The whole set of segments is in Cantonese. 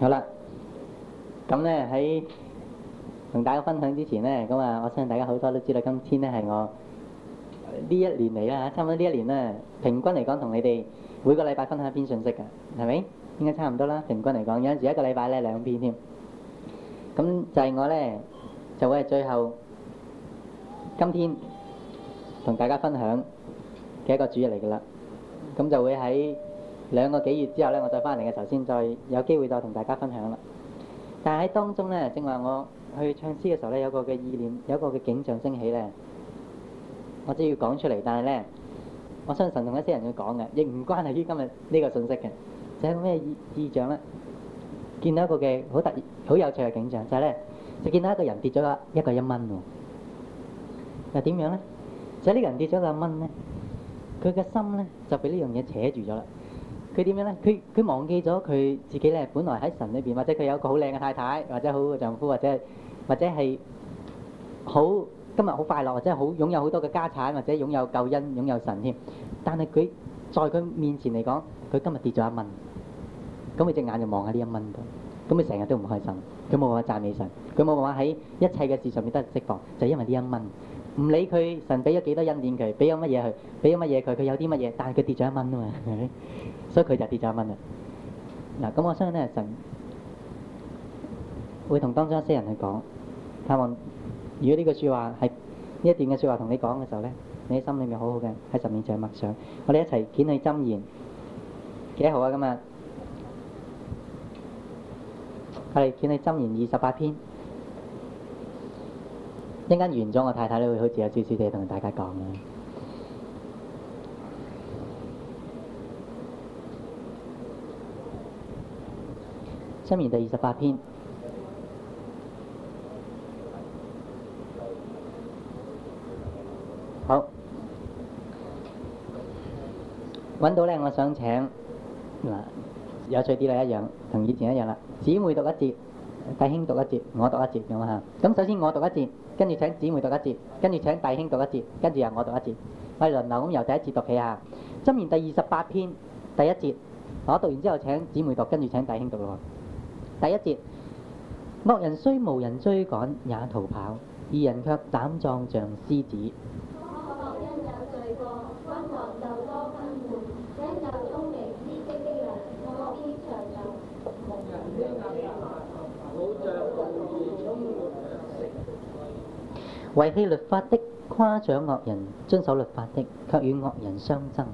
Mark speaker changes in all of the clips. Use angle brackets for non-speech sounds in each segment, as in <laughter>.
Speaker 1: 好啦，咁咧喺同大家分享之前咧，咁啊，我相信大家好多都知道，今天咧係我呢一年嚟啦，差唔多呢一年咧，平均嚟講同你哋每個禮拜分享一篇信息嘅，係咪？應該差唔多啦，平均嚟講，有陣時一個禮拜咧兩篇添。咁就係我咧就會係最後今天同大家分享嘅一個主意嚟噶啦，咁就會喺。兩個幾月之後咧，我再翻嚟嘅時候先再有機會再同大家分享啦。但係喺當中咧，正話我去唱詩嘅時候咧，有個嘅意念，有個嘅景象升起咧，我就要講出嚟。但係咧，我相信同一些人去講嘅，亦唔關係於今日呢個信息嘅。就係咩意象咧？見到一個嘅好特、好有趣嘅景象，就係咧就見到一個人跌咗一個一蚊喎。又點樣咧？就係呢個人跌咗個一蚊咧，佢嘅心咧就俾呢樣嘢扯住咗啦。佢點樣咧？佢佢忘記咗佢自己咧，本來喺神裏邊，或者佢有一個好靚嘅太太，或者好嘅丈夫，或者或者係好今日好快樂，或者好擁有好多嘅家產，或者擁有救恩，擁有神添。但係佢在佢面前嚟講，佢今日跌咗一蚊，咁佢隻眼就望下呢一蚊度，咁佢成日都唔開心。佢冇話讚美神，佢冇話喺一切嘅事上面都係釋放，就是、因為呢一蚊唔理佢神俾咗幾多恩典佢，俾咗乜嘢佢，俾咗乜嘢佢，佢有啲乜嘢，但係佢跌咗一蚊啊嘛。 <laughs> 所以佢就跌咗一蚊啦。嗱，咁我相信咧，神會同當中一些人去講，盼望如果呢句説話係呢一段嘅説話同你講嘅時候咧，你心裏面好好嘅，喺神面前默想。我哋一齊攪起箴言，幾好啊！今日我哋攪起箴言二十八篇，一陣間完咗我太太都會好似有少少哋同大家講啦。箴言第二
Speaker 2: 十
Speaker 1: 八篇，好揾到咧。我想請嗱，有趣啲啦，一樣同以前一樣啦。姊妹讀一節，弟兄讀一節，我讀一節咁啊。咁首先我讀一節，跟住請姊妹讀一節，跟住請弟兄讀一節，跟住又我讀一節，我哋輪流咁由第一節讀起啊。箴言第二十八篇第一節，我讀完之後請姊妹讀，跟住請弟兄讀咯。第一節，惡人雖無人追趕也逃跑，義人卻膽壯像獅子。離棄律法的誇獎惡人，遵守律法的卻與惡人相爭。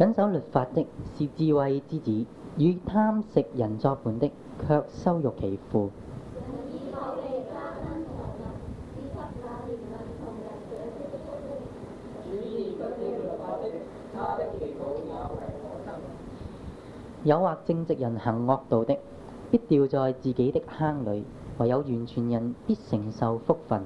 Speaker 1: 謹守律法的是智慧之子，與貪食人作伴的卻羞辱其父；
Speaker 3: 有其其
Speaker 1: 誘惑正直人行惡道的，必掉在自己的坑裡；唯有完全人必承受福分。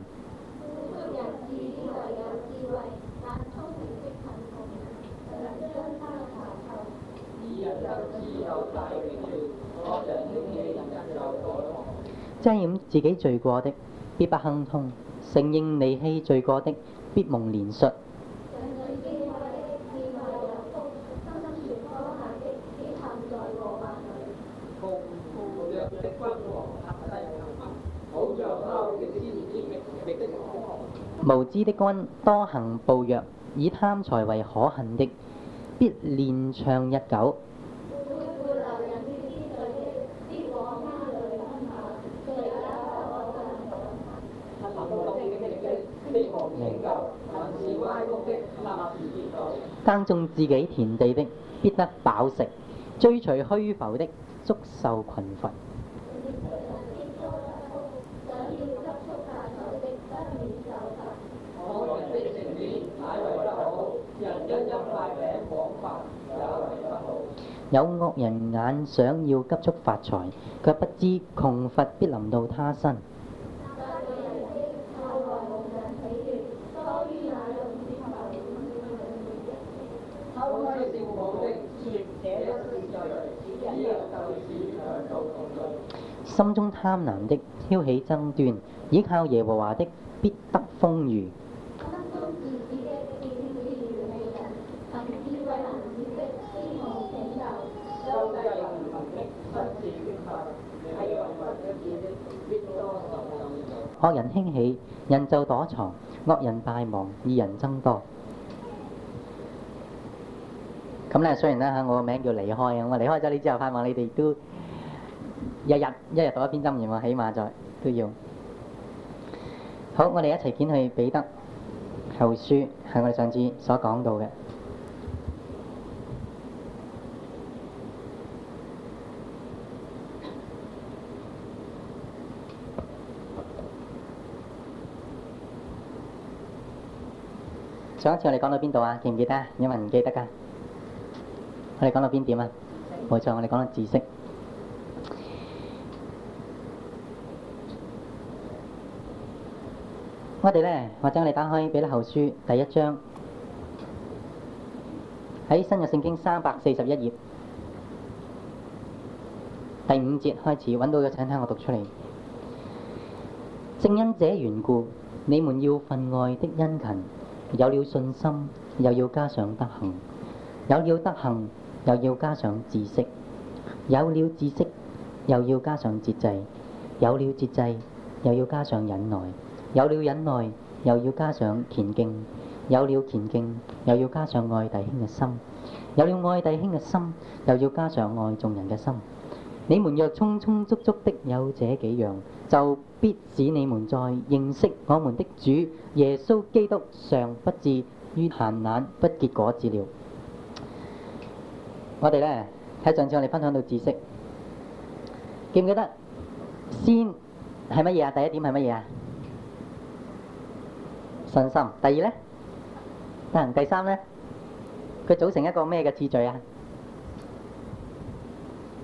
Speaker 1: 遮掩自己罪過的，必不亨通；承認離棄罪過的，必蒙憐恤。無知的君多行暴虐，以貪財為可恨的，必連長日久。耕種自己田地的，必得飽食；追隨虛浮的，足受窮乏。惡一一有惡人眼，想要急速發財，卻不知窮乏必臨到他身。心中貪婪的挑起爭端，倚靠耶和華的必得豐裕。惡人興起，人就躲藏；惡人敗亡，義人增多。咁咧，雖然咧嚇，我個名叫離開啊，我離開咗你之後，盼望你哋都。日日一日讀一篇《箴言》，我起碼就都要好。我哋一齊掀去彼得後書，係我哋上次所講到嘅。上一次我哋講到邊度啊？記唔記得？有冇人唔記得㗎？我哋講到邊點啊？冇錯，我哋講到知識。我哋咧，或者我哋打開《彼得後書》第一章，喺新約聖經三百四十一頁第五節開始揾到嘅，請聽我讀出嚟。正因這緣故，你們要分外的殷勤，有了信心，又要加上德行；有了德行，又要加上知識；有了知識，又要加上節制；有了節制，又要加上忍耐。有了忍耐，又要加上虔敬；有了虔敬，又要加上愛弟兄嘅心；有了愛弟兄嘅心，又要加上愛眾人嘅心。你們若充充足足的有這幾樣，就必使你們在認識我們的主耶穌基督，上不至於閒懶，不結果子了。我哋咧，喺上次我哋分享到知識，記唔記得先係乜嘢啊？第一點係乜嘢啊？信心。第二咧，得。第三咧，佢組成一個咩嘅次序啊？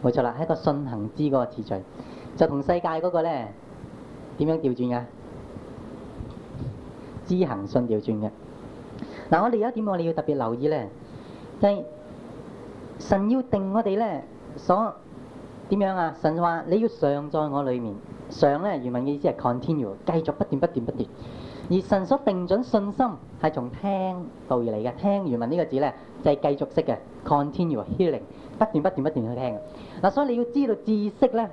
Speaker 1: 冇錯啦，係個信行之嗰個次序，就同世界嗰個咧點樣調轉㗎？知行信調轉嘅。嗱，我哋而家點我哋要特別留意咧，即係神要定我哋咧，所點樣啊？神話你要常在我裡面。上咧，原文嘅意思係 continue，繼續不斷不斷不斷。而神所定準信心係從聽道而嚟嘅，聽原文呢個字咧，就係、是、繼續式嘅 continue healing，不斷不斷不斷去聽。嗱、啊，所以你要知道知識咧，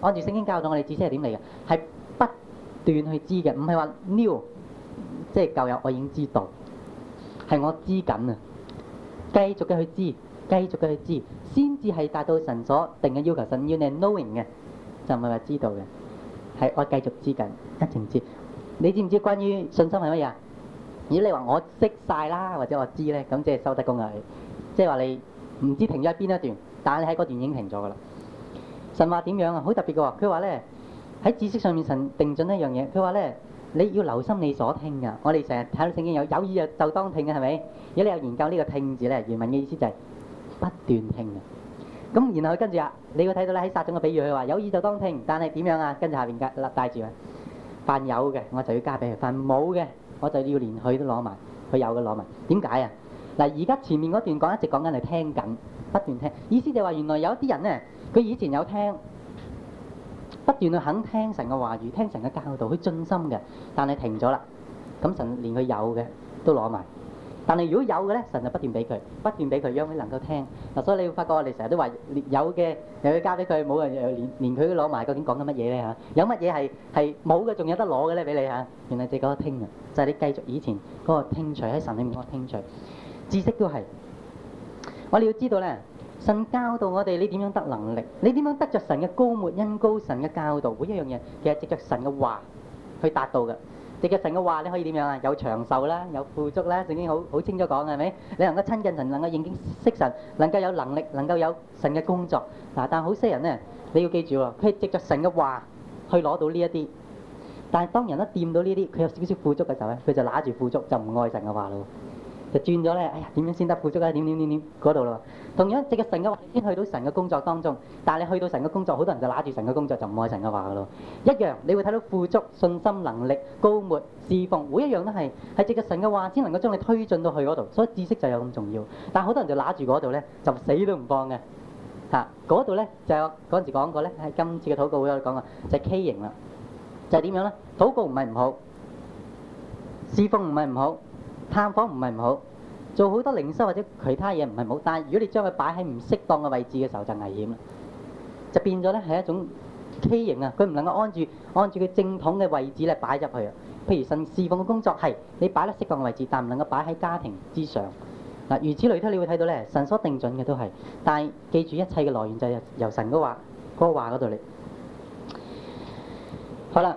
Speaker 1: 按住聖經教導，我哋知識係點嚟嘅？係不斷去知嘅，唔係話 new 即係舊有我已經知道，係我知緊啊，繼續嘅去知，繼續嘅去知，先至係達到神所定嘅要求。神要你係 knowing 嘅。就唔係話知道嘅，係我繼續知緊，一程知。你知唔知關於信心係乜嘢啊？如果你話我識晒啦，或者我知咧，咁即係收得工啊！即係話你唔知停咗喺邊一段，但係你喺嗰段已經停咗噶啦。神話點樣啊？好特別嘅喎。佢話咧，喺知識上面神定準一樣嘢。佢話咧，你要留心你所聽㗎。我哋成日睇到聖經有有意就就當聽嘅係咪？如果你有研究呢個聽字咧，原文嘅意思就係不斷聽嘅。咁然後佢跟住啊，你會睇到咧喺撒種嘅比喻，佢話有意就當聽，但係點樣啊？跟住下邊嘅啦帶住啊，凡有嘅我就要加俾佢，凡冇嘅我就要連佢都攞埋，佢有嘅攞埋。點解啊？嗱，而家前面嗰段講一直講緊係聽緊，不斷聽，意思就話原來有一啲人咧，佢以前有聽，不斷去肯聽神嘅話語，聽神嘅教導，佢盡心嘅，但係停咗啦。咁神連佢有嘅都攞埋。但係如果有嘅咧，神就不斷俾佢，不斷俾佢，讓佢能夠聽。嗱，所以你會發覺我哋成日都話，有嘅又要交俾佢，冇嘅又要連連佢都攞埋。究竟講緊乜嘢咧？吓，有乜嘢係係冇嘅，仲有得攞嘅咧？俾你吓，原來就係嗰個聽啊！就係你繼續以前嗰個聽取喺神裏面嗰個聽取，知識都係。我哋要知道咧，神教導我哋，你點樣得能力？你點樣得着神嘅高末恩高？神嘅教導每一樣嘢，其實藉着神嘅話去達到嘅。藉著神嘅話你可以點樣啊？有長壽啦，有富足啦，已經好好清楚講嘅係咪？你能夠親近神，能夠認識神，能夠有能力，能夠有神嘅工作嗱。但係好些人咧，你要記住喎，佢係藉著神嘅話去攞到呢一啲，但係當人一掂到呢啲，佢有少少富足嘅時候咧，佢就揦住富足，就唔愛神嘅話咯。就轉咗咧，哎呀，點樣先得富足咧、啊？點點點點嗰度咯。同樣，藉著神嘅話先去到神嘅工作當中，但係你去到神嘅工作，好多人就攞住神嘅工作就唔愛神嘅話咯。一樣，你會睇到富足、信心、能力、高沫、侍奉，每一樣都係係藉著神嘅話先能夠將你推進到去嗰度。所以知識就有咁重要，但係好多人就攞住嗰度咧，就死都唔放嘅。嚇、啊，嗰度咧就嗰陣時講過咧，喺今次嘅禱告會有講啊，就係、是、K 型啦，就係、是、點樣咧？禱告唔係唔好，侍奉唔係唔好。探訪唔係唔好，做好多靈修或者其他嘢唔係唔好，但係如果你將佢擺喺唔適當嘅位置嘅時候就危險啦，就變咗咧係一種畸形啊！佢唔能夠按住按住佢正統嘅位置咧擺入去啊。譬如神侍奉嘅工作係你擺得適當嘅位置，但唔能夠擺喺家庭之上啊。如此類推，你會睇到咧神所定準嘅都係，但係記住一切嘅來源就係由神嘅話嗰、嗰個話嗰度嚟。好啦。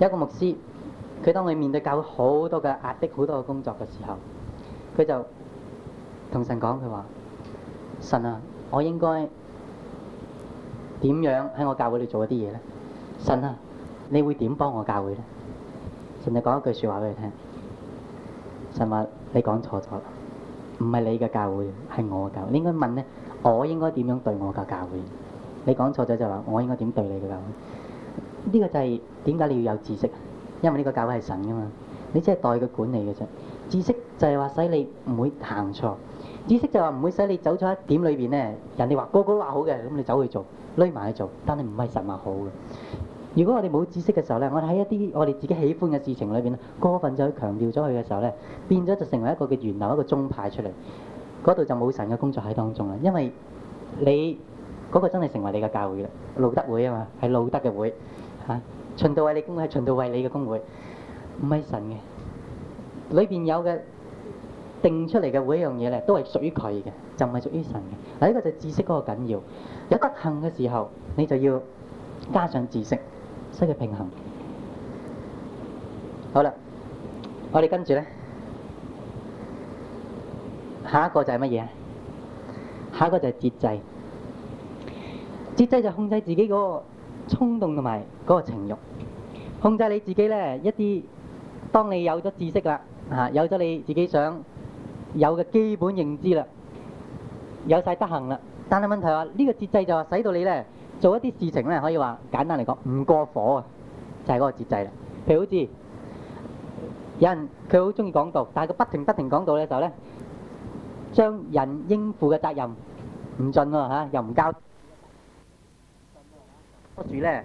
Speaker 1: 有一個牧師，佢當佢面對教會好多嘅壓迫、好多嘅工作嘅時候，佢就同神講：佢話神啊，我應該點樣喺我教會裏做一啲嘢咧？神啊，你會點幫我教會咧？神就講一句說話俾佢聽：神話、啊、你講錯咗啦，唔係你嘅教會係我嘅教會，你應該問咧，我應該點樣對我嘅教會？你講錯咗就話我應該點對，對你嘅教會？呢個就係點解你要有知識？因為呢個教會係神噶嘛，你只係代佢管理嘅啫。知識就係話使你唔會行錯，知識就話唔會使你走咗一點裏邊咧。人哋話個個都話好嘅，咁你走去做，匿埋去做，但係唔係神話好嘅。如果我哋冇知識嘅時候咧，我哋喺一啲我哋自己喜歡嘅事情裏邊咧，過分咗去強調咗佢嘅時候咧，變咗就成為一個嘅源流，一個宗派出嚟。嗰度就冇神嘅工作喺當中啦，因為你嗰個真係成為你嘅教會啦，路德會啊嘛，係路德嘅會。啊！循道衛理公會係循道衛理嘅公會，唔係神嘅。裏邊有嘅定出嚟嘅每一樣嘢咧，都係屬於佢嘅，就唔係屬於神嘅。嗱，呢個就係知識嗰個緊要。有德行嘅時候，你就要加上知識，失去平衡。好啦，我哋跟住咧，下一個就係乜嘢啊？下一個就係節制。節制就控制自己嗰個。衝動同埋嗰個情慾，控制你自己咧一啲。當你有咗知識啦，啊有咗你自己想有嘅基本認知啦，有曬德行啦。但係問題話呢個節制就話使到你咧做一啲事情咧，可以話簡單嚟講唔過火啊，就係嗰個節制啦。譬如好似有人佢好中意講道，但係佢不停不停講道嘅時候咧將人應負嘅責任唔盡喎嚇，又唔交。棵樹咧，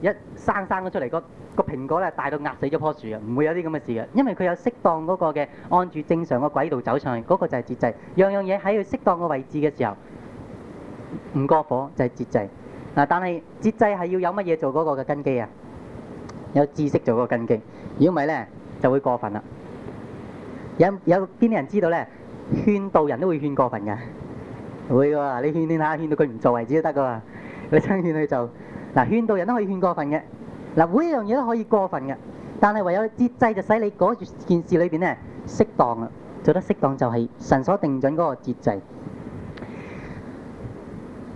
Speaker 1: 一生生咗出嚟，個個蘋果咧大到壓死咗棵樹啊！唔會有啲咁嘅事嘅，因為佢有適當嗰個嘅按住正常個軌道走上去，嗰個就係節制。樣樣嘢喺佢適當個位置嘅時候唔過火就係節制嗱。但係節制係要有乜嘢做嗰個嘅根基啊？有知識做嗰個根基，如果唔係咧就會過分啦。有有邊啲人知道咧？勸導人都會勸過分噶，會噶，你勸勸下勸到佢唔做為止都得噶。你真勸佢就。嗱，勸導人都可以勸過分嘅，嗱，每一樣嘢都可以過分嘅，但係唯有節制就使你嗰件事裏邊咧適當啦，做得適當就係神所定準嗰個節制。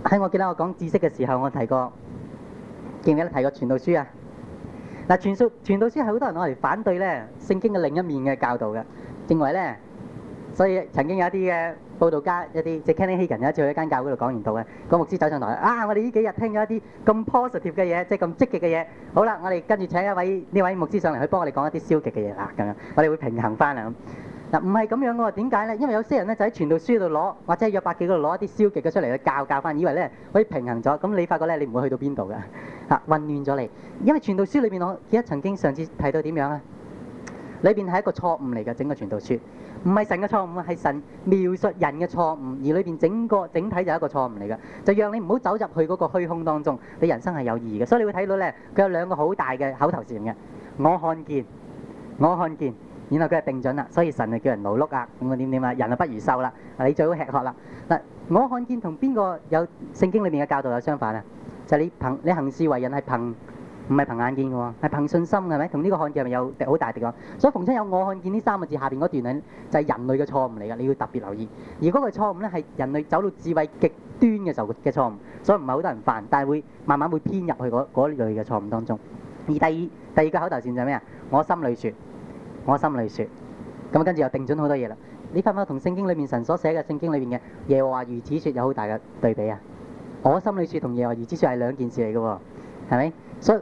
Speaker 1: 喺我記得我講知識嘅時候，我提過，記唔記得提過傳道書啊？嗱，傳述傳道書係好多人攞嚟反對咧，聖經嘅另一面嘅教導嘅，認為咧，所以曾經有一啲嘅。報道家一啲，即係 Kenneth Hagin 有一次去一間教會度講完道嘅，個牧師走上台啊，我哋呢幾日聽咗一啲咁 positive 嘅嘢，即係咁積極嘅嘢，好啦，我哋跟住請一位呢位牧師上嚟去幫我哋講一啲消極嘅嘢啦，咁樣我哋會平衡翻啦。嗱，唔係咁樣喎，點解咧？因為有些人咧就喺傳道書度攞，或者係約伯記度攞一啲消極嘅出嚟去教教翻，以為咧可以平衡咗。咁你發覺咧，你唔會去到邊度嘅，啊，混亂咗你。因為傳道書裏邊我記得曾經上次睇到點樣啊？裏邊係一個錯誤嚟嘅整個傳道書。唔係神嘅錯誤，係神描述人嘅錯誤，而裏邊整個整體就係一個錯誤嚟嘅，就讓你唔好走入去嗰個虛空當中。你人生係有意義嘅，所以你會睇到咧，佢有兩個好大嘅口頭禪嘅。我看見，我看見，然後佢係定準啦。所以神就叫人勞碌啊，咁啊點點啊，人啊不如獸啦，你最好吃喝啦嗱。我看見同邊個有聖經裏面嘅教導有相反啊？就係你憑你行事為人係憑。唔係憑眼見嘅喎，係憑信心嘅咩？同呢個看見係咪有好大嘅？所以逢親有我看見呢三個字下邊嗰段咧，就係人類嘅錯誤嚟嘅，你要特別留意。而嗰個錯誤咧，係人類走到智慧極端嘅時候嘅錯誤，所以唔係好多人犯，但係會慢慢會偏入去嗰嗰類嘅錯誤當中。而第二第二個口頭禪就係咩啊？我心裏説，我心裏説，咁跟住又定準好多嘢啦。你發唔發同聖經裏面神所寫嘅聖經裏面嘅耶和華如此説有好大嘅對比啊！我心裏説同耶和華如此説係兩件事嚟嘅喎，係咪？所以。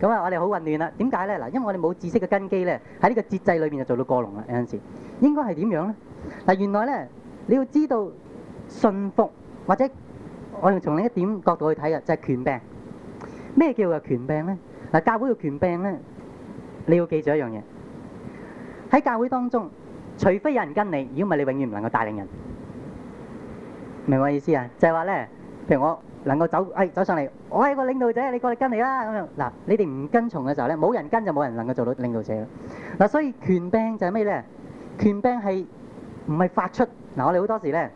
Speaker 1: 咁啊，我哋好混亂啦！點解咧？嗱，因為我哋冇知識嘅根基咧，喺呢個節制裏面就做到過龍啦。有陣時應該係點樣咧？嗱，原來咧你要知道信服，或者我哋從另一點角度去睇啊，就係權柄。咩叫做權柄咧？嗱，教會嘅權柄咧，你要記住一樣嘢喺教會當中，除非有人跟你，如果唔係，你永遠唔能夠帶領人。明我意思啊？就係話咧，譬如我。能夠走，哎，走上嚟，我係個領導者，你過嚟跟你啦。咁樣嗱，你哋唔跟從嘅時候咧，冇人跟就冇人能夠做到領導者啦。嗱，所以權柄就係咩咧？權柄係唔係發出嗱？我哋好多時咧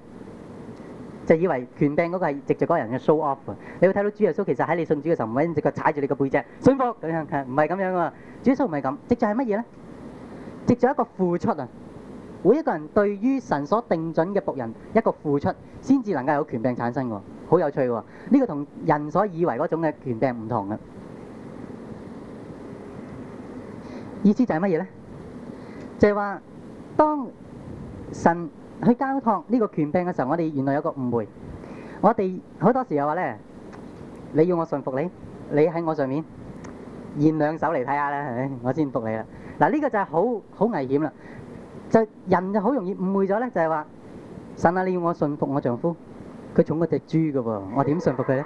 Speaker 1: 就以為權柄嗰個係直接嗰個人嘅 show off。你會睇到主耶穌其實喺你信主嘅時候，唔會一直腳踩住你個背脊，信服咁樣，唔係咁樣喎。主耶穌唔係咁，直接係乜嘢咧？直接係一個付出啊！每一個人對於神所定準嘅僕人一個付出，先至能夠有權柄產生㗎。好有趣喎！呢個同人所以為嗰種嘅權柄唔同，意思就係乜嘢呢？就係話，當神去交託呢個權柄嘅時候，我哋原來有個誤會。我哋好多時候話咧，你要我順服你，你喺我上面現兩手嚟睇下啦，我先服你啦。嗱，呢個就係好危險啦，就人就好容易誤會咗咧，就係話神啊，你要我順服我丈夫。佢寵嗰隻豬嘅喎，我點信服佢咧？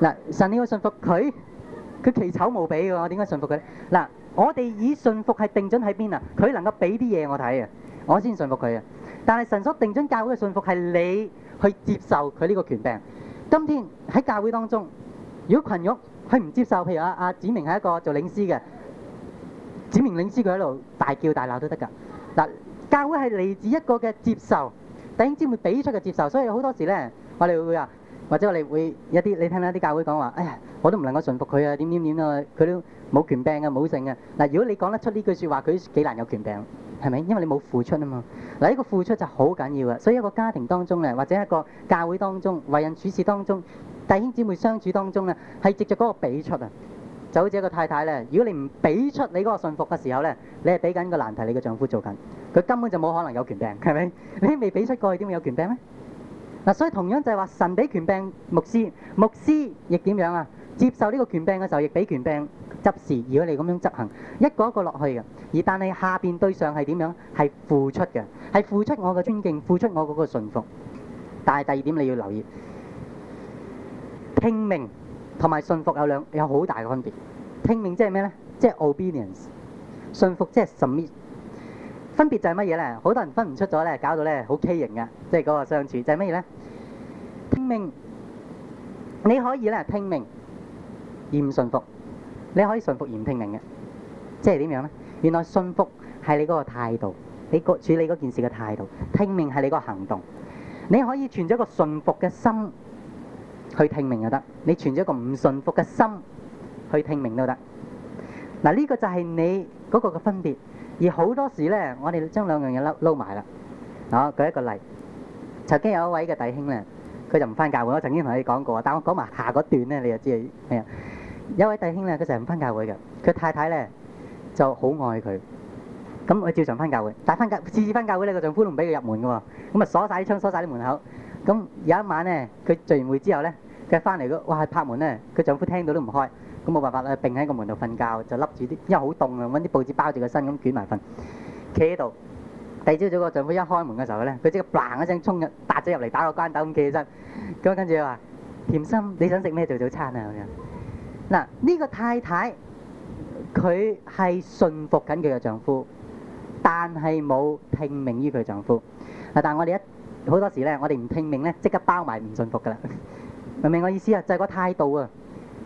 Speaker 1: 嗱，神點解信服佢？佢奇醜無比嘅喎，我點解信服佢咧？嗱，我哋以信服係定準喺邊啊？佢能夠俾啲嘢我睇啊，我先信服佢啊！但係神所定準教會嘅信服係你去接受佢呢個權柄。今天喺教會當中，如果羣玉佢唔接受，譬如阿阿子明係一個做領師嘅，子明領師佢喺度大叫大鬧都得㗎。嗱，教會係嚟自一個嘅接受，等之唔俾出嘅接受，所以好多時咧。我哋會唔會啊？或者我哋會一啲？你聽啦，啲教會講話，哎呀，我都唔能夠順服佢啊！點點點啊，佢都冇權柄啊，冇性啊。嗱，如果你講得出呢句説話，佢幾難有權柄，係咪？因為你冇付出啊嘛。嗱，呢個付出就好緊要啊。所以一個家庭當中咧，或者一個教會當中、為人處事當中、弟兄姊妹相處當中咧，係藉著嗰個俾出啊。就好似一個太太咧，如果你唔俾出你嗰個順服嘅時候咧，你係俾緊個難題你嘅丈夫做緊，佢根本就冇可能有權柄，係咪？你未俾出過去，點會有權柄咩？嗱，所以同樣就係話神俾權柄牧師，牧師亦點樣啊？接受呢個權柄嘅時候，亦俾權柄執事。如果你咁樣執行一個一個落去嘅，而但係下邊對上係點樣？係付出嘅，係付出我嘅尊敬，付出我嗰個順服。但係第二點你要留意，聽命同埋順服有兩有好大嘅分別。聽命即係咩咧？即係 obedience。順服即係 submit。分別就係乜嘢咧？好多人分唔出咗咧，搞到咧好畸形嘅，即係嗰個相處就係乜嘢咧？聽命，你可以咧聽命而唔信服，你可以信服而唔聽命嘅，即係點樣咧？原來信服係你嗰個態度，你個處理嗰件事嘅態度；聽命係你個行動。你可以存咗一個信服嘅心去聽命就得，你存咗一個唔信服嘅心去聽命都得。嗱，呢個就係你嗰個嘅分別。而好多時咧，我哋將兩樣嘢撈撈埋啦。啊，舉一個例，曾經有一位嘅弟兄咧，佢就唔翻教會。我曾經同你講過，但我講埋下嗰段咧，你就知係啊。有一位弟兄咧，佢成日唔翻教會嘅，佢太太咧就好愛佢，咁佢照常翻教會，但翻教次次翻教會咧，個丈夫都唔俾佢入門㗎喎，咁啊鎖曬啲窗，鎖曬啲門口。咁有一晚咧，佢聚完會之後咧，佢翻嚟嘅，哇，拍門咧，佢丈夫聽到都唔開。咁冇辦法啦，並喺個門度瞓覺，就笠住啲，因為好凍啊，揾啲報紙包住個身咁捲埋瞓，企喺度。第二朝早個丈夫一開門嘅時候咧，佢即刻嗙一聲衝入，搭咗入嚟打個關鬥咁企起身。咁跟住話：甜心，你想食咩做早餐啊？咁樣嗱，呢個太太佢係順服緊佢嘅丈夫，但係冇聽命於佢嘅丈夫。但係我哋一好多時咧，我哋唔聽命咧，即刻包埋唔順服㗎啦。明唔明我意思啊？就係個態度啊！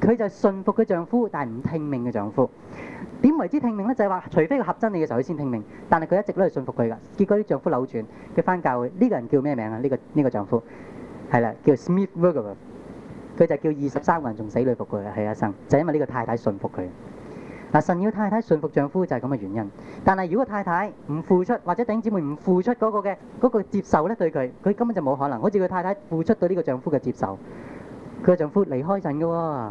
Speaker 1: 佢就係信服佢丈夫，但係唔聽命嘅丈夫。點為之聽命咧？就係、是、話，除非佢合真理嘅時候，佢先聽命。但係佢一直都係信服佢噶。結果啲丈夫扭轉，佢返教會。呢、這個人叫咩名啊？呢、這個呢、這個丈夫係啦，叫 Smith Wager。佢就叫二十三個人仲死裡復活。啦，喺一生就是、因為呢個太太信服佢。嗱，神要太太信服丈夫就係咁嘅原因。但係如果太太唔付出，或者弟兄姊妹唔付出嗰個嘅嗰、那個、接受咧，對佢，佢根本就冇可能。好似佢太太付出對呢個丈夫嘅接受，佢嘅丈夫離開陣嘅喎。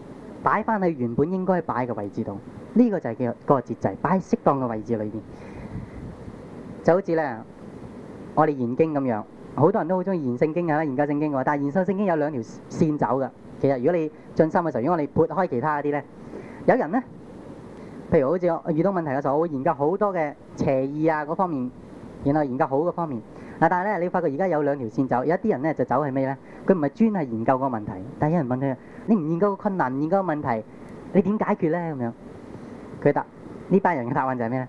Speaker 1: 擺翻喺原本應該擺嘅位置度，呢個就係叫嗰個節制，擺喺適當嘅位置裏邊。就好似咧，我哋研經咁樣，好多人都好中意研聖經啊，研究聖經嘅。但係研究聖經有兩條線走㗎。其實如果你進心嘅時候，如果我哋撥開其他啲咧，有人咧，譬如好似我遇到問題嘅時候，我會研究好多嘅邪意啊嗰方面，然後研究好嘅方面。嗱，但係咧，你發覺而家有兩條線走，有一啲人咧就走係咩咧？佢唔係專係研究個問題。但有人問佢：你唔研究個困難，研究個問題，你點解決咧？咁樣，佢答：呢班人嘅答案就係咩咧？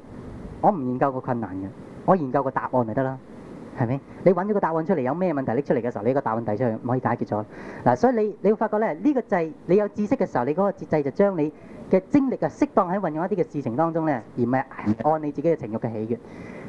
Speaker 1: 我唔研究個困難嘅，我研究個答案咪得咯？係咪？你揾咗個答案出嚟，有咩問題拎出嚟嘅時候，你個答案提出嚟，唔可以解決咗。嗱，所以你你會發覺咧，呢個掣，你有知識嘅時候，你嗰個節制就將你嘅精力啊，適當喺運用一啲嘅事情當中咧，而唔係按你自己嘅情慾嘅喜悅。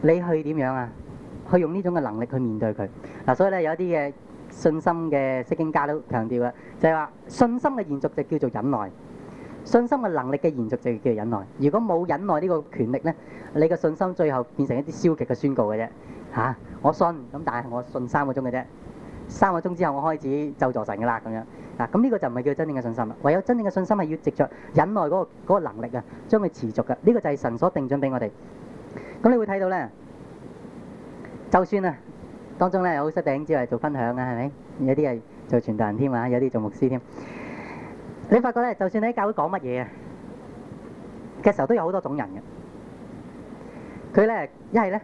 Speaker 1: 你去點樣啊？去用呢種嘅能力去面對佢嗱，所以咧有一啲嘅信心嘅釋經家都強調嘅，就係話信心嘅延續就叫做忍耐，信心嘅能力嘅延續就叫做忍耐。如果冇忍耐呢個權力咧，你嘅信心最後變成一啲消極嘅宣告嘅啫嚇。我信咁，但係我信三個鐘嘅啫，三個鐘之後我開始就助神嘅啦咁樣嗱。咁呢個就唔係叫真正嘅信心啦。唯有真正嘅信心係要藉著忍耐嗰個嗰個能力啊，將佢持續嘅。呢個就係神所定準俾我哋。咁你會睇到咧，就算啊，當中咧有失頂之外做分享啊，係咪有啲係做傳道人添啊？有啲做牧師添。你發覺咧，就算你喺教會講乜嘢啊嘅時候，都有好多種人嘅。佢咧一係咧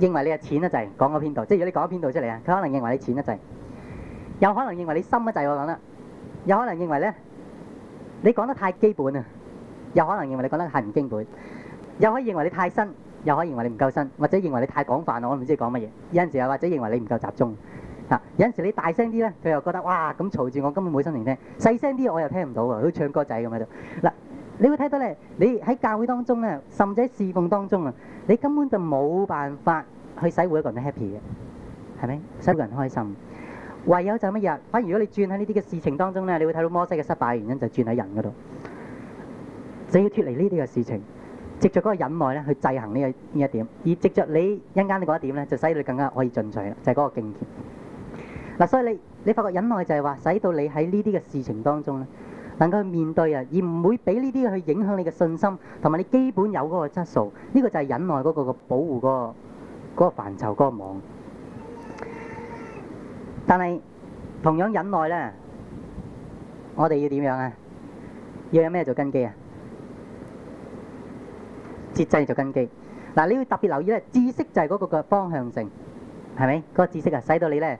Speaker 1: 認為你係淺得滯，講咗邊度，即係如果你講咗邊度出嚟啊，佢可能認為你淺得滯，有可能認為你深得滯。我講啦，有可能認為咧你講得太基本啊，有可能認為你講得太唔經本。又可以認為你太新，又可以認為你唔夠新，或者認為你太廣泛，我唔知講乜嘢。有陣時又或者認為你唔夠集中、啊、有陣時你大聲啲呢，佢又覺得哇，咁嘈住我，我根本冇心情聽。細聲啲我又聽唔到啊，好似唱歌仔咁喺度。嗱、啊，你會睇到咧，你喺教會當中咧，甚至喺侍奉當中啊，你根本就冇辦法去使每一個人都 happy 嘅，係咪？使個人開心，唯有就乜嘢？反而如果你轉喺呢啲嘅事情當中呢，你會睇到摩西嘅失敗原因就是、轉喺人嗰度，就要脱離呢啲嘅事情。藉著嗰個忍耐咧，去制衡呢個呢一點；而藉著你殷勤嘅嗰一點咧，就使你更加可以進取啦，就係嗰個境界。嗱，所以你你發覺忍耐就係話，使到你喺呢啲嘅事情當中咧，能夠去面對啊，而唔會俾呢啲去影響你嘅信心同埋你基本有嗰個質素。呢個就係忍耐嗰個個保護個嗰個範疇嗰個網。但係同樣忍耐咧，我哋要點樣啊？要有咩做根基啊？節製作根基，嗱你要特別留意咧，知識就係嗰個嘅方向性，係咪？嗰個知識啊，使到你咧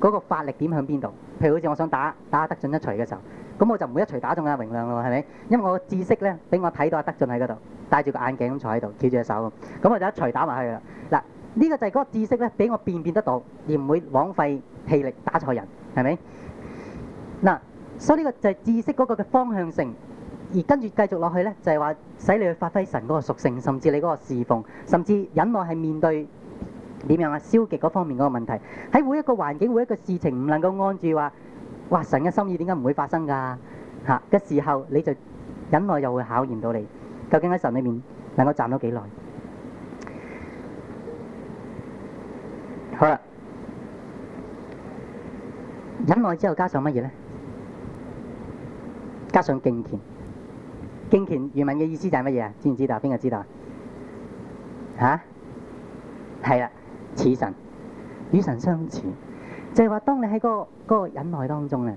Speaker 1: 嗰個發力點向邊度？譬如好似我想打打德俊一錘嘅時候，咁我就唔會一錘打中阿榮亮喎，係咪？因為我嘅知識咧，俾我睇到阿德俊喺嗰度戴住個眼鏡咁坐喺度，企住隻手咁，咁我就一錘打埋去啦。嗱，呢個就係嗰個知識咧，俾我辨別得到，而唔會枉費氣力打錯人，係咪？嗱，所以呢個就係知識嗰個嘅方向性。而跟住繼續落去咧，就係話使你去發揮神嗰個屬性，甚至你嗰個侍奉，甚至忍耐係面對點樣啊？消極嗰方面嗰個問題，喺每一個環境、每一個事情唔能夠安住，話哇神嘅心意點解唔會發生㗎？嚇嘅時候，你就忍耐又會考驗到你，究竟喺神裏面能夠站到幾耐？好啦，忍耐之後加上乜嘢咧？加上敬虔。敬虔原文嘅意思就係乜嘢？知唔知道？邊個知道啊？嚇，係啦，此神與神相似，就係話，當你喺嗰個嗰個忍耐當中啊，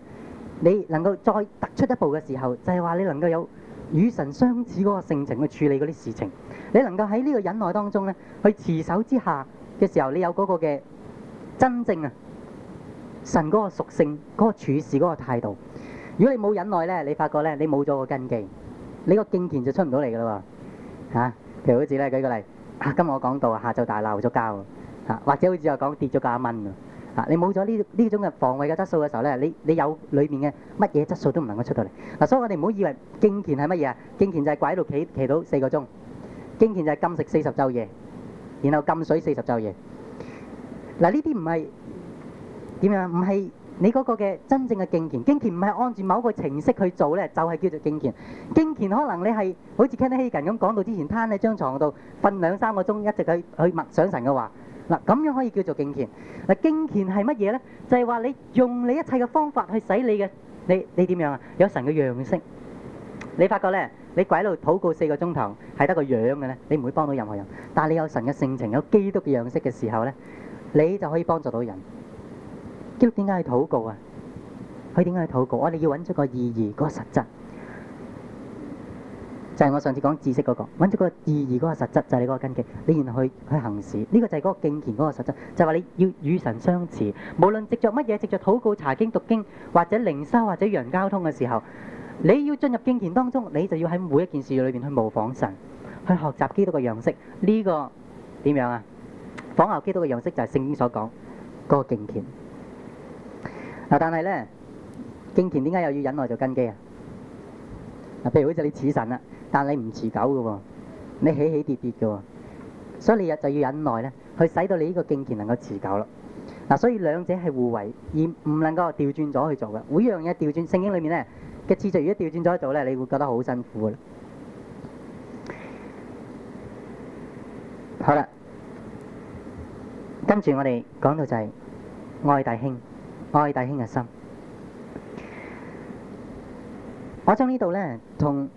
Speaker 1: 你能夠再突出一步嘅時候，就係、是、話你能夠有與神相似嗰個性情去處理嗰啲事情。你能夠喺呢個忍耐當中呢，去持守之下嘅時候，你有嗰個嘅真正啊神嗰個屬性嗰、嗰個處事嗰個態度。如果你冇忍耐呢，你發覺咧，你冇咗個根基。你個敬虔就出唔到嚟㗎咯喎，嚇，譬如好似咧舉個例，啊今日我講到，下晝大鬧咗交，嚇，或者好似又講跌咗幾蚊，嚇，你冇咗呢呢種嘅防衞嘅質素嘅時候咧，你你有裏面嘅乜嘢質素都唔能夠出到嚟。嗱，所以我哋唔好以為敬虔係乜嘢啊？敬虔就係跪喺度企企到四個鐘，敬虔就係禁食四十晝夜，然後禁水四十晝夜。嗱，呢啲唔係點樣？唔係。你嗰個嘅真正嘅敬虔，敬虔唔係按住某一個程式去做咧，就係叫做敬虔。敬虔可能你係好似 Kenneth Hagin 咁講到之前，攤喺張牀度瞓兩三個鐘，一直去去默想神嘅話，嗱咁樣可以叫做敬虔。嗱敬虔係乜嘢咧？就係話你用你一切嘅方法去使你嘅你你點樣啊？有神嘅樣式，你發覺咧，你鬼佬禱告四個鐘頭係得個樣嘅咧，你唔會幫到任何人。但係你有神嘅性情，有基督嘅樣式嘅時候咧，你就可以幫助到人。基督點解去禱告啊？佢點解去禱告？我哋要揾出個意義、嗰個實質，就係我上次講知識嗰個，揾出個意義、嗰個實質就係你嗰個根基。你然後去去行事，呢個就係嗰個敬虔嗰個實質，就係話你要與神相似。無論藉着乜嘢，藉着禱告、查經、讀經，或者靈修，或者人交通嘅時候，你要進入敬虔當中，你就要喺每一件事裏邊去模仿神，去學習基督嘅樣式。呢個點樣啊？仿效基督嘅樣式就係聖經所講嗰個敬虔。嗱，但係咧，敬虔點解又要忍耐做根基啊？嗱，譬如好似你持神啦，但你唔持久噶喎，你起起跌跌噶喎，所以你又就要忍耐咧，去使到你呢個敬虔能夠持久咯。嗱，所以兩者係互為，而唔能夠調轉咗去做嘅。如果每樣嘢調轉聖經裏面咧嘅次序而調轉咗去做咧，你會覺得好辛苦嘅。好啦，跟住我哋講到就係愛弟兄。愛弟兄嘅心，我將呢度呢，同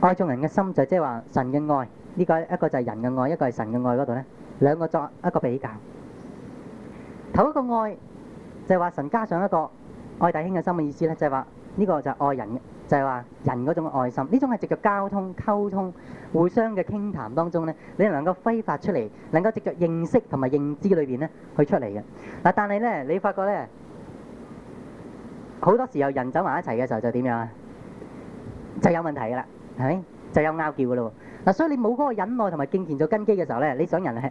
Speaker 1: 愛眾人嘅心就即係話神嘅愛呢、呢個一個就係人嘅愛，一個係神嘅愛嗰度呢，兩個作一個比較。頭一個愛就係、是、話神加上一個愛弟兄嘅心嘅意思呢就係話呢個就係愛人嘅。就係話人嗰種愛心，呢種係藉著交通、溝通、互相嘅傾談，談當中咧，你能夠揮發出嚟，能夠藉著認識同埋認知裏邊咧去出嚟嘅。嗱，但係咧，你發覺咧，好多時候人走埋一齊嘅時候就點樣啊？就有問題噶啦，係咪就有拗撬噶咯？嗱，所以你冇嗰個忍耐同埋敬虔做根基嘅時候咧，你想人係？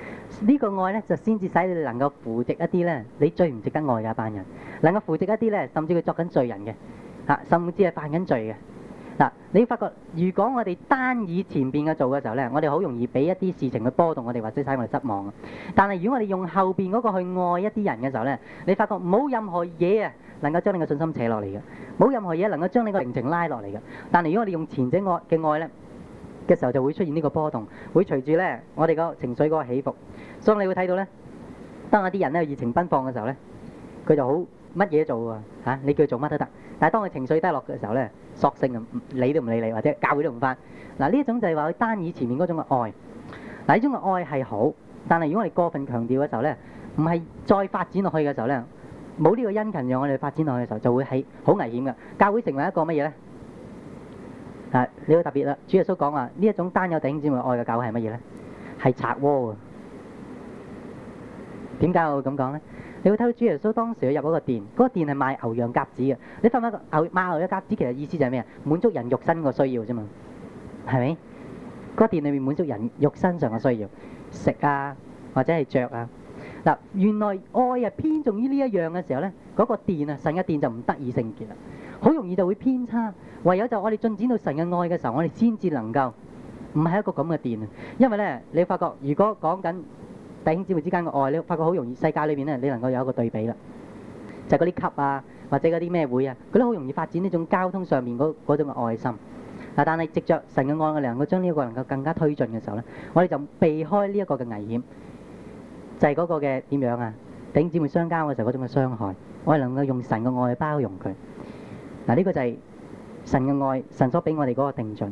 Speaker 1: 呢個愛咧，就先至使你哋能夠扶植一啲咧，你最唔值得愛嘅一班人，能夠扶植一啲咧，甚至佢作緊罪人嘅，嚇，甚至係犯緊罪嘅。嗱，你發覺，如果我哋單以前邊嘅做嘅時候咧，我哋好容易俾一啲事情去波動，我哋或者使我哋失望啊。但係如果我哋用後邊嗰個去愛一啲人嘅時候咧，你發覺冇任何嘢啊，能夠將你個信心扯落嚟嘅，冇任何嘢能夠將你個情緒拉落嚟嘅。但係如果我哋用前者嘅愛嘅愛咧嘅時候，就會出現呢個波動，會隨住咧我哋個情緒嗰個起伏。所以你會睇到咧，當有啲人咧熱情奔放嘅時候咧，佢就好乜嘢做啊嚇？你叫佢做乜都得。但係當佢情緒低落嘅時候咧，索性唔理都唔理你，或者教會都唔返嗱。呢、啊、一種就係話佢單以前面嗰種嘅愛，嗱、啊、呢種嘅愛係好，但係如果我哋過分強調嘅時候咧，唔係再發展落去嘅時候咧，冇呢個殷勤讓我哋發展落去嘅時候，就會係好危險嘅教會，成為一個乜嘢咧？啊，你好特別啦！主耶穌講話呢一種單有弟兄姊妹愛嘅教會係乜嘢咧？係賊窩。點解我會咁講咧？你會睇到主耶穌當時去入嗰個殿，嗰、那個殿係賣牛羊鴿子嘅。你發唔發覺牛買牛嘅鴿子其實意思就係咩啊？滿足人肉身個需要啫嘛，係咪？嗰、那個殿裏面滿足人肉身上嘅需要，食啊，或者係着啊。嗱，原來愛啊偏重於呢一樣嘅時候咧，嗰、那個殿啊，神嘅殿就唔得以聖潔啦。好容易就會偏差，唯有就我哋進展到神嘅愛嘅時候，我哋先至能夠唔係一個咁嘅殿啊。因為咧，你發覺如果講緊弟兄姊妹之間嘅愛咧，你發覺好容易，世界裏邊咧，你能夠有一個對比啦，就係嗰啲級啊，或者嗰啲咩會啊，佢都好容易發展呢種交通上面嗰嗰種嘅愛心。啊，但係藉著神嘅愛，我哋能夠將呢一個能夠更加推進嘅時候咧，我哋就避開呢一個嘅危險，就係嗰個嘅點樣啊？弟兄姊妹相交嘅時候嗰種嘅傷害，我哋能夠用神嘅愛去包容佢。嗱，呢個就係神嘅愛，神所俾我哋嗰個定準。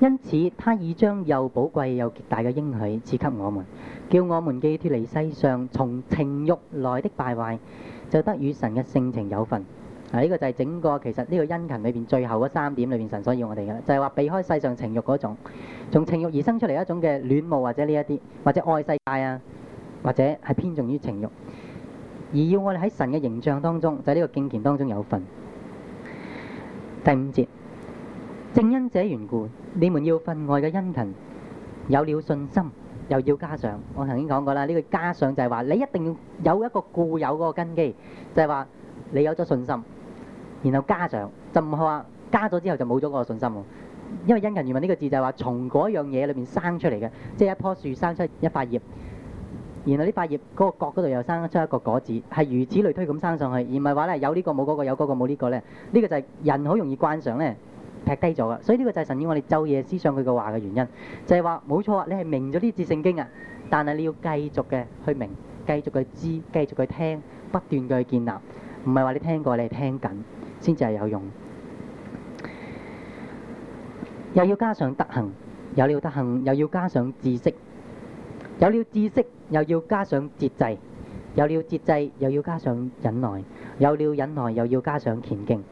Speaker 1: 因此，他已將又寶貴又極大嘅應許賜給我們，叫我們既脫離世上從情欲來的敗壞，就得與神嘅性情有份。啊，呢個就係整個其實呢個殷勤裏邊最後嗰三點裏邊神所要我哋嘅，就係話避開世上情欲嗰種，從情欲而生出嚟一種嘅戀慕或者呢一啲，或者愛世界啊，或者係偏重於情欲，而要我哋喺神嘅形象當中，就呢個敬虔當中有份。第五節。正因這緣故，你們要分外嘅殷勤，有了信心，又要加上。我頭先講過啦，呢個加上就係話你一定要有一個固有嗰個根基，就係話你有咗信心，然後加上就唔係話加咗之後就冇咗嗰個信心喎。因為殷勤原文呢個字就係話從嗰樣嘢裏面生出嚟嘅，即係一棵樹生出一塊葉，然後呢塊葉嗰個角嗰度又生出一個果子，係如此類推咁生上去，而唔係話咧有呢個冇嗰個，有嗰個冇呢個咧。呢個就係人好容易慣常咧劈低咗㗎，所以呢個就係神與我哋晝夜思想佢嘅話嘅原因，就係話冇錯啊！你係明咗啲節聖經啊，但係你要繼續嘅去明，繼續去知，繼續去聽，不斷嘅去建立，唔係話你聽過，你係聽緊先至係有用。又要加上德行，有了德行又要加上知識，有了知識又要加上節制，有了節制又要加上忍耐，有了忍耐又要加上虔敬，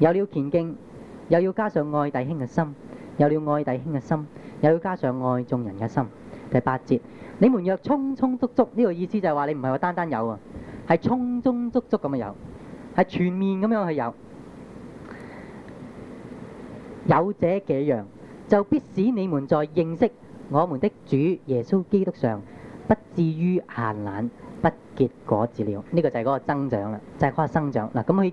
Speaker 1: 有了虔敬。又要加上愛弟兄嘅心，有了愛弟兄嘅心，又要加上愛眾人嘅心。第八節，你們若充充足足，呢個意思就係話你唔係話單單有啊，係充充足足咁樣有，係全面咁樣去有。有這幾樣，就必使你們在認識我們的主耶穌基督上，不至於閒懶不結果子了。呢個就係嗰個增長啦，就係嗰個生長嗱。咁佢。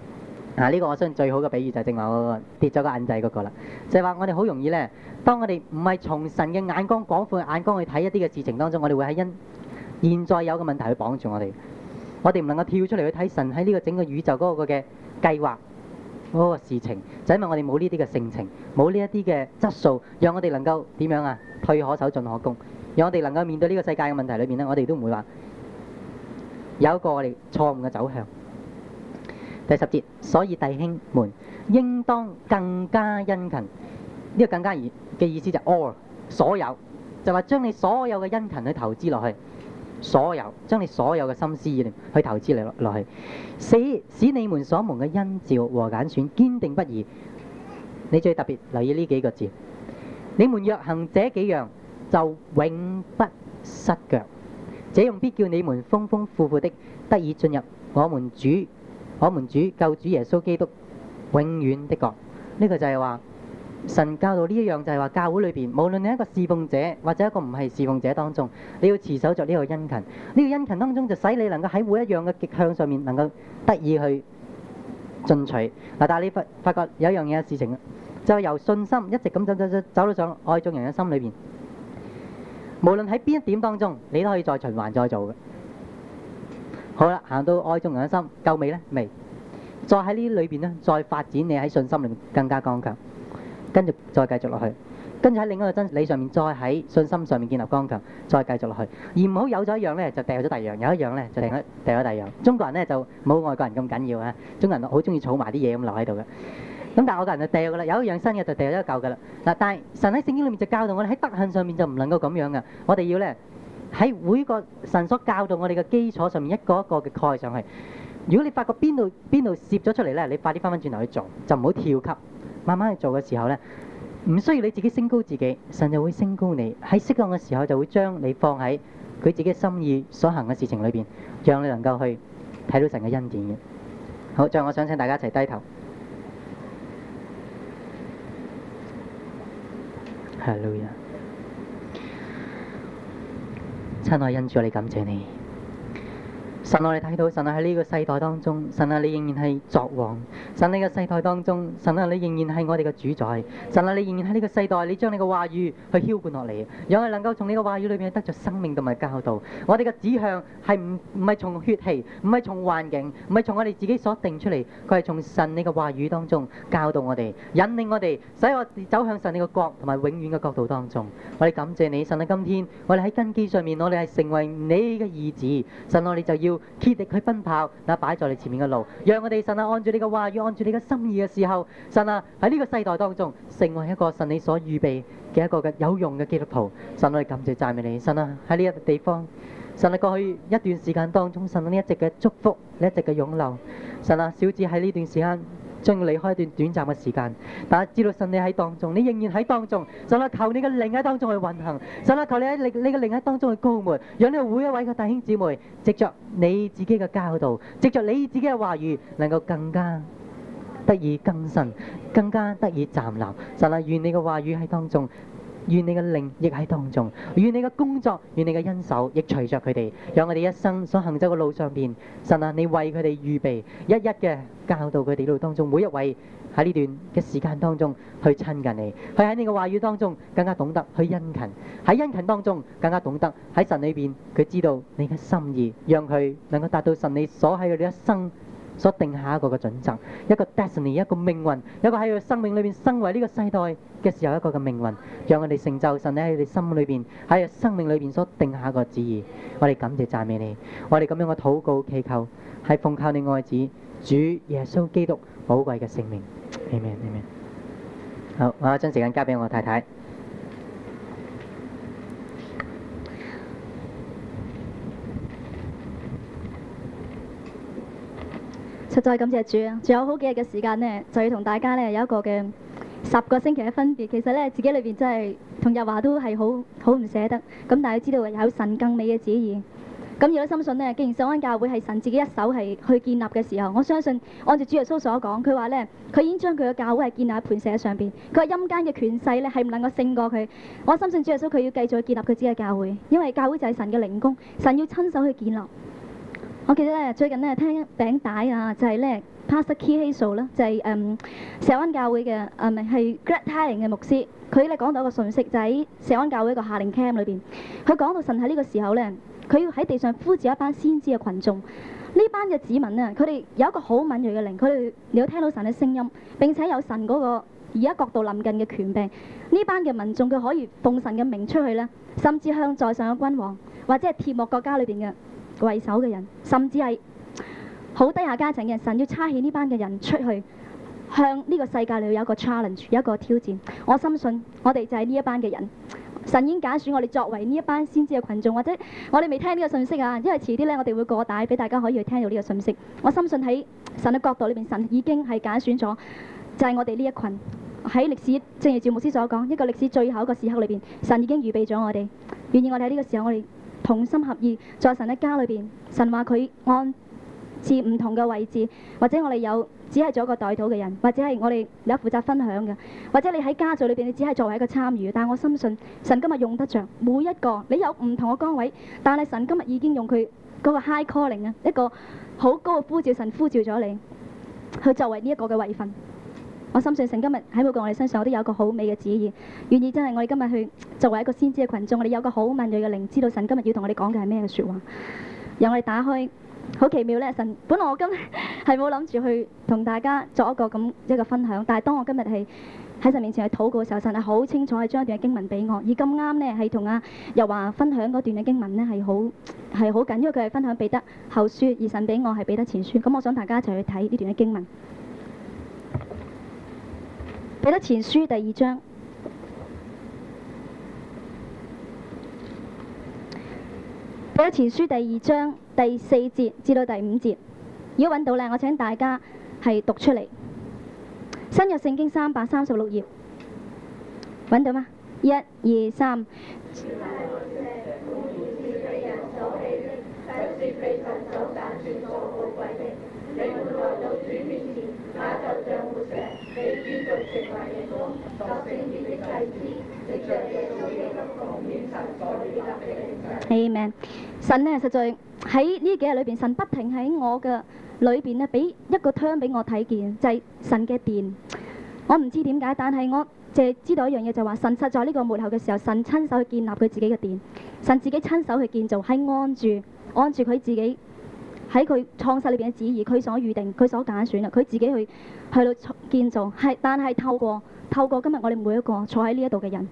Speaker 1: 啊！呢個我相信最好嘅比喻就係正話我跌咗個銀仔嗰個啦，就係話我哋好容易咧，當我哋唔係從神嘅眼光廣闊嘅眼光去睇一啲嘅事情當中，我哋會喺因現在有個問題去綁住我哋，我哋唔能夠跳出嚟去睇神喺呢個整個宇宙嗰個嘅計劃嗰個事情，就係因為我哋冇呢啲嘅性情，冇呢一啲嘅質素，讓我哋能夠點樣啊？退可守，進可攻，讓我哋能夠面對呢個世界嘅問題裏面咧，我哋都唔會話有一個我哋錯誤嘅走向。第十節，所以弟兄們應當更加殷勤。呢個更加熱嘅意思就係 all，所有，就話將你所有嘅殷勤去投資落去，所有將你所有嘅心思意念去投資嚟落落去，使使你們所蒙嘅恩召和揀選堅定不移。你最特別留意呢幾個字，你們若行這幾樣，就永不失腳。這樣必叫你們豐豐富富的得以進入我們主。我們主救主耶穌基督永遠的國，呢個就係話神教導呢一樣，就係話教會裏邊，無論你係一個侍奉者或者一個唔係侍奉者當中，你要持守住呢個殷勤，呢個殷勤當中就使你能夠喺每一樣嘅極向上面能夠得以去進取嗱，但係你發發覺有一樣嘢事情，就由信心一直咁走走走走到上愛眾人嘅心裏邊，無論喺邊一點當中，你都可以再循環再做嘅。好啦，行到愛眾人的心夠未咧？未。再喺呢裏邊咧，再發展你喺信心裏面更加剛強，跟住再繼續落去，跟住喺另一個真理上面，再喺信心上面建立剛強，再繼續落去，而唔好有咗一樣咧就掉咗第二樣，有一樣咧就掉一掉咗第二樣。中國人咧就冇外國人咁緊要啊，中國人好中意儲埋啲嘢咁留喺度嘅。咁但係外國人就掉噶啦，有一樣新嘅就掉咗舊噶啦。嗱，但係神喺聖經裏面就教導我哋喺德行上面就唔能夠咁樣噶，我哋要咧。喺每個神所教導我哋嘅基礎上面一個一個嘅蓋上去。如果你發覺邊度邊度攝咗出嚟咧，你快啲翻返轉頭去做，就唔好跳級。慢慢去做嘅時候咧，唔需要你自己升高自己，神就會升高你。喺適當嘅時候就會將你放喺佢自己心意所行嘅事情裏邊，讓你能夠去睇到神嘅恩典嘅。好，最後我想請大家一齊低頭。Hallelujah。親愛恩主，你感謝你。神我哋睇到神啊喺呢、啊、個世代當中，神啊你仍然係作王。神喺、啊、個世代當中，神啊你仍然係我哋嘅主宰。神啊你仍然喺呢個世代，你將你嘅話語去澆灌落嚟，讓我哋能夠從呢個話語裏邊得着生命同埋教導。我哋嘅指向係唔唔係從血氣，唔係從環境，唔係從我哋自己所定出嚟，佢係從神你嘅話語當中教導我哋，引領我哋，使我哋走向神你嘅國同埋永遠嘅國度當中。我哋感謝你，神啊，今天我哋喺根基上面，我哋係成為你嘅兒子。神我、啊、哋就要。竭力去奔跑，那擺在你前面嘅路，讓我哋神啊按住你嘅話語，按住你嘅心意嘅時候，神啊喺呢個世代當中成為一個神你所預備嘅一個嘅有用嘅基督徒，神啊，我哋感謝讚美你，神啊喺呢一個地方，神啊過去一段時間當中，神啊，呢一直嘅祝福，你一直嘅湧流，神啊小子喺呢段時間。將要離開一段短暫嘅時間，大家知道神你喺當中，你仍然喺當中，神啊求你嘅靈喺當中去運行，神啊求你喺你嘅靈喺當中去高門，讓你每一位嘅弟兄姊妹藉着你自己嘅教導，藉着你自己嘅話語，能夠更加得以更新，更加得以站立，神啊願你嘅話語喺當中。願你嘅靈亦喺當中，願你嘅工作，願你嘅恩手亦隨着佢哋，讓我哋一生所行走嘅路上邊，神啊，你為佢哋預備一一嘅教導嘅道路當中，每一位喺呢段嘅時間當中去親近你，佢喺你嘅話語當中更加懂得去殷勤，喺殷勤當中更加懂得喺神裏邊佢知道你嘅心意，讓佢能夠達到神你所喺佢哋一生，所定下一個嘅準則，一個 destiny，一個命運，一個喺佢生命裏邊生為呢個世代嘅時候一個嘅命運，讓我哋成就神喺佢哋心裏邊喺佢生命裏邊所定下一個旨意。我哋感謝讚美你，我哋咁樣嘅禱告祈求，係奉靠你愛子主耶穌基督寶貴嘅聖名。阿門，阿門。好，我將時間交俾我太太。
Speaker 3: 實在感謝主啊！仲有好幾日嘅時間呢，就要同大家呢有一個嘅十個星期嘅分別。其實呢，自己裏邊真係同日華都係好好唔捨得。咁但係知道有神更美嘅旨意。咁而我深信呢，既然錫安教會係神自己一手係去建立嘅時候，我相信按照主耶穌所講，佢話呢，佢已經將佢嘅教會係建立喺磐石上邊。佢話陰間嘅權勢呢係唔能夠勝過佢。我深信主耶穌佢要繼續去建立佢自己嘅教會，因為教會就係神嘅靈功，神要親手去建立。我記得咧，最近咧聽餅帶啊，就係、是、咧 Pastor Keith So 咧，就係嗯社安教會嘅啊，唔、嗯、係 Great Haring 嘅牧師。佢咧講到一個訊息，就喺、是、社安教會一個夏令 camp 裏邊。佢講到神喺呢個時候咧，佢要喺地上呼召一班先知嘅群眾。呢班嘅子民咧，佢哋有一個好敏鋭嘅靈，佢哋你有聽到神嘅聲音，並且有神嗰個而家角度臨近嘅權柄。呢班嘅民眾，佢可以奉神嘅名出去咧，甚至向在上嘅君王或者係鐵幕國家裏邊嘅為首嘅人，甚至係好低下階層嘅人，神要差遣呢班嘅人出去向呢個世界裏有一個 challenge，有一個挑戰。我相信我哋就係呢一班嘅人，神已經揀選我哋作為呢一班先知嘅群眾，或者我哋未聽呢個信息啊，因為遲啲咧我哋會過大俾大家可以去聽到呢個信息。我相信喺神嘅角度裏面，神已經係揀選咗就係我哋呢一群，喺歷史正如主牧師所講，一個歷史最後一個時刻裏面，神已經預備咗我哋，願意我哋喺呢個時候我哋。同心合意，在神的家裏邊，神話佢安置唔同嘅位置，或者我哋有只係做一個代禱嘅人，或者係我哋有負責分享嘅，或者你喺家族裏邊，你只係作為一個參與。但我深信，神今日用得着每一個，你有唔同嘅崗位，但係神今日已經用佢嗰個 high calling 啊，一個好高嘅呼召，神呼召咗你去作為呢一個嘅位份。我深信神今日喺每個我哋身上，我都有一個好美嘅旨意，願意真係我哋今日去作為一個先知嘅群眾，我哋有個好敏銳嘅靈，知道神今日要同我哋講嘅係咩嘅說話。由我哋打開，好奇妙咧！神本來我今日係冇諗住去同大家作一個咁一個分享，但係當我今日係喺神面前去禱告嘅時候，神係好清楚係，將一段經文俾我。而咁啱咧係同阿又話分享嗰段嘅經文咧係好係好緊要，因為佢係分享彼得後書，而神俾我係彼得前書。咁我想大家一齊去睇呢段嘅經文。《彼得前書》第二章，《彼得前書》第二章第四節至到第五節，如果揾到咧，我請大家係讀出嚟。新約聖經三百三十六頁，揾到嗎？一、二、三。 <music> 神呢，實在喺呢幾日裏面。神不停喺我嘅裏面咧，俾一個窗俾我睇見，就係、是、神嘅殿。我唔知點解，但係我只知道一樣嘢，就話、是、神實在呢個幕口嘅時候，神親手去建立佢自己嘅殿，神自己親手去建造，喺安住安住佢自己。喺佢創世裏面嘅旨意，佢所預定，佢所揀選啊，佢自己去去到建造，是但係透過透過今日我哋每一個坐喺呢一度嘅人，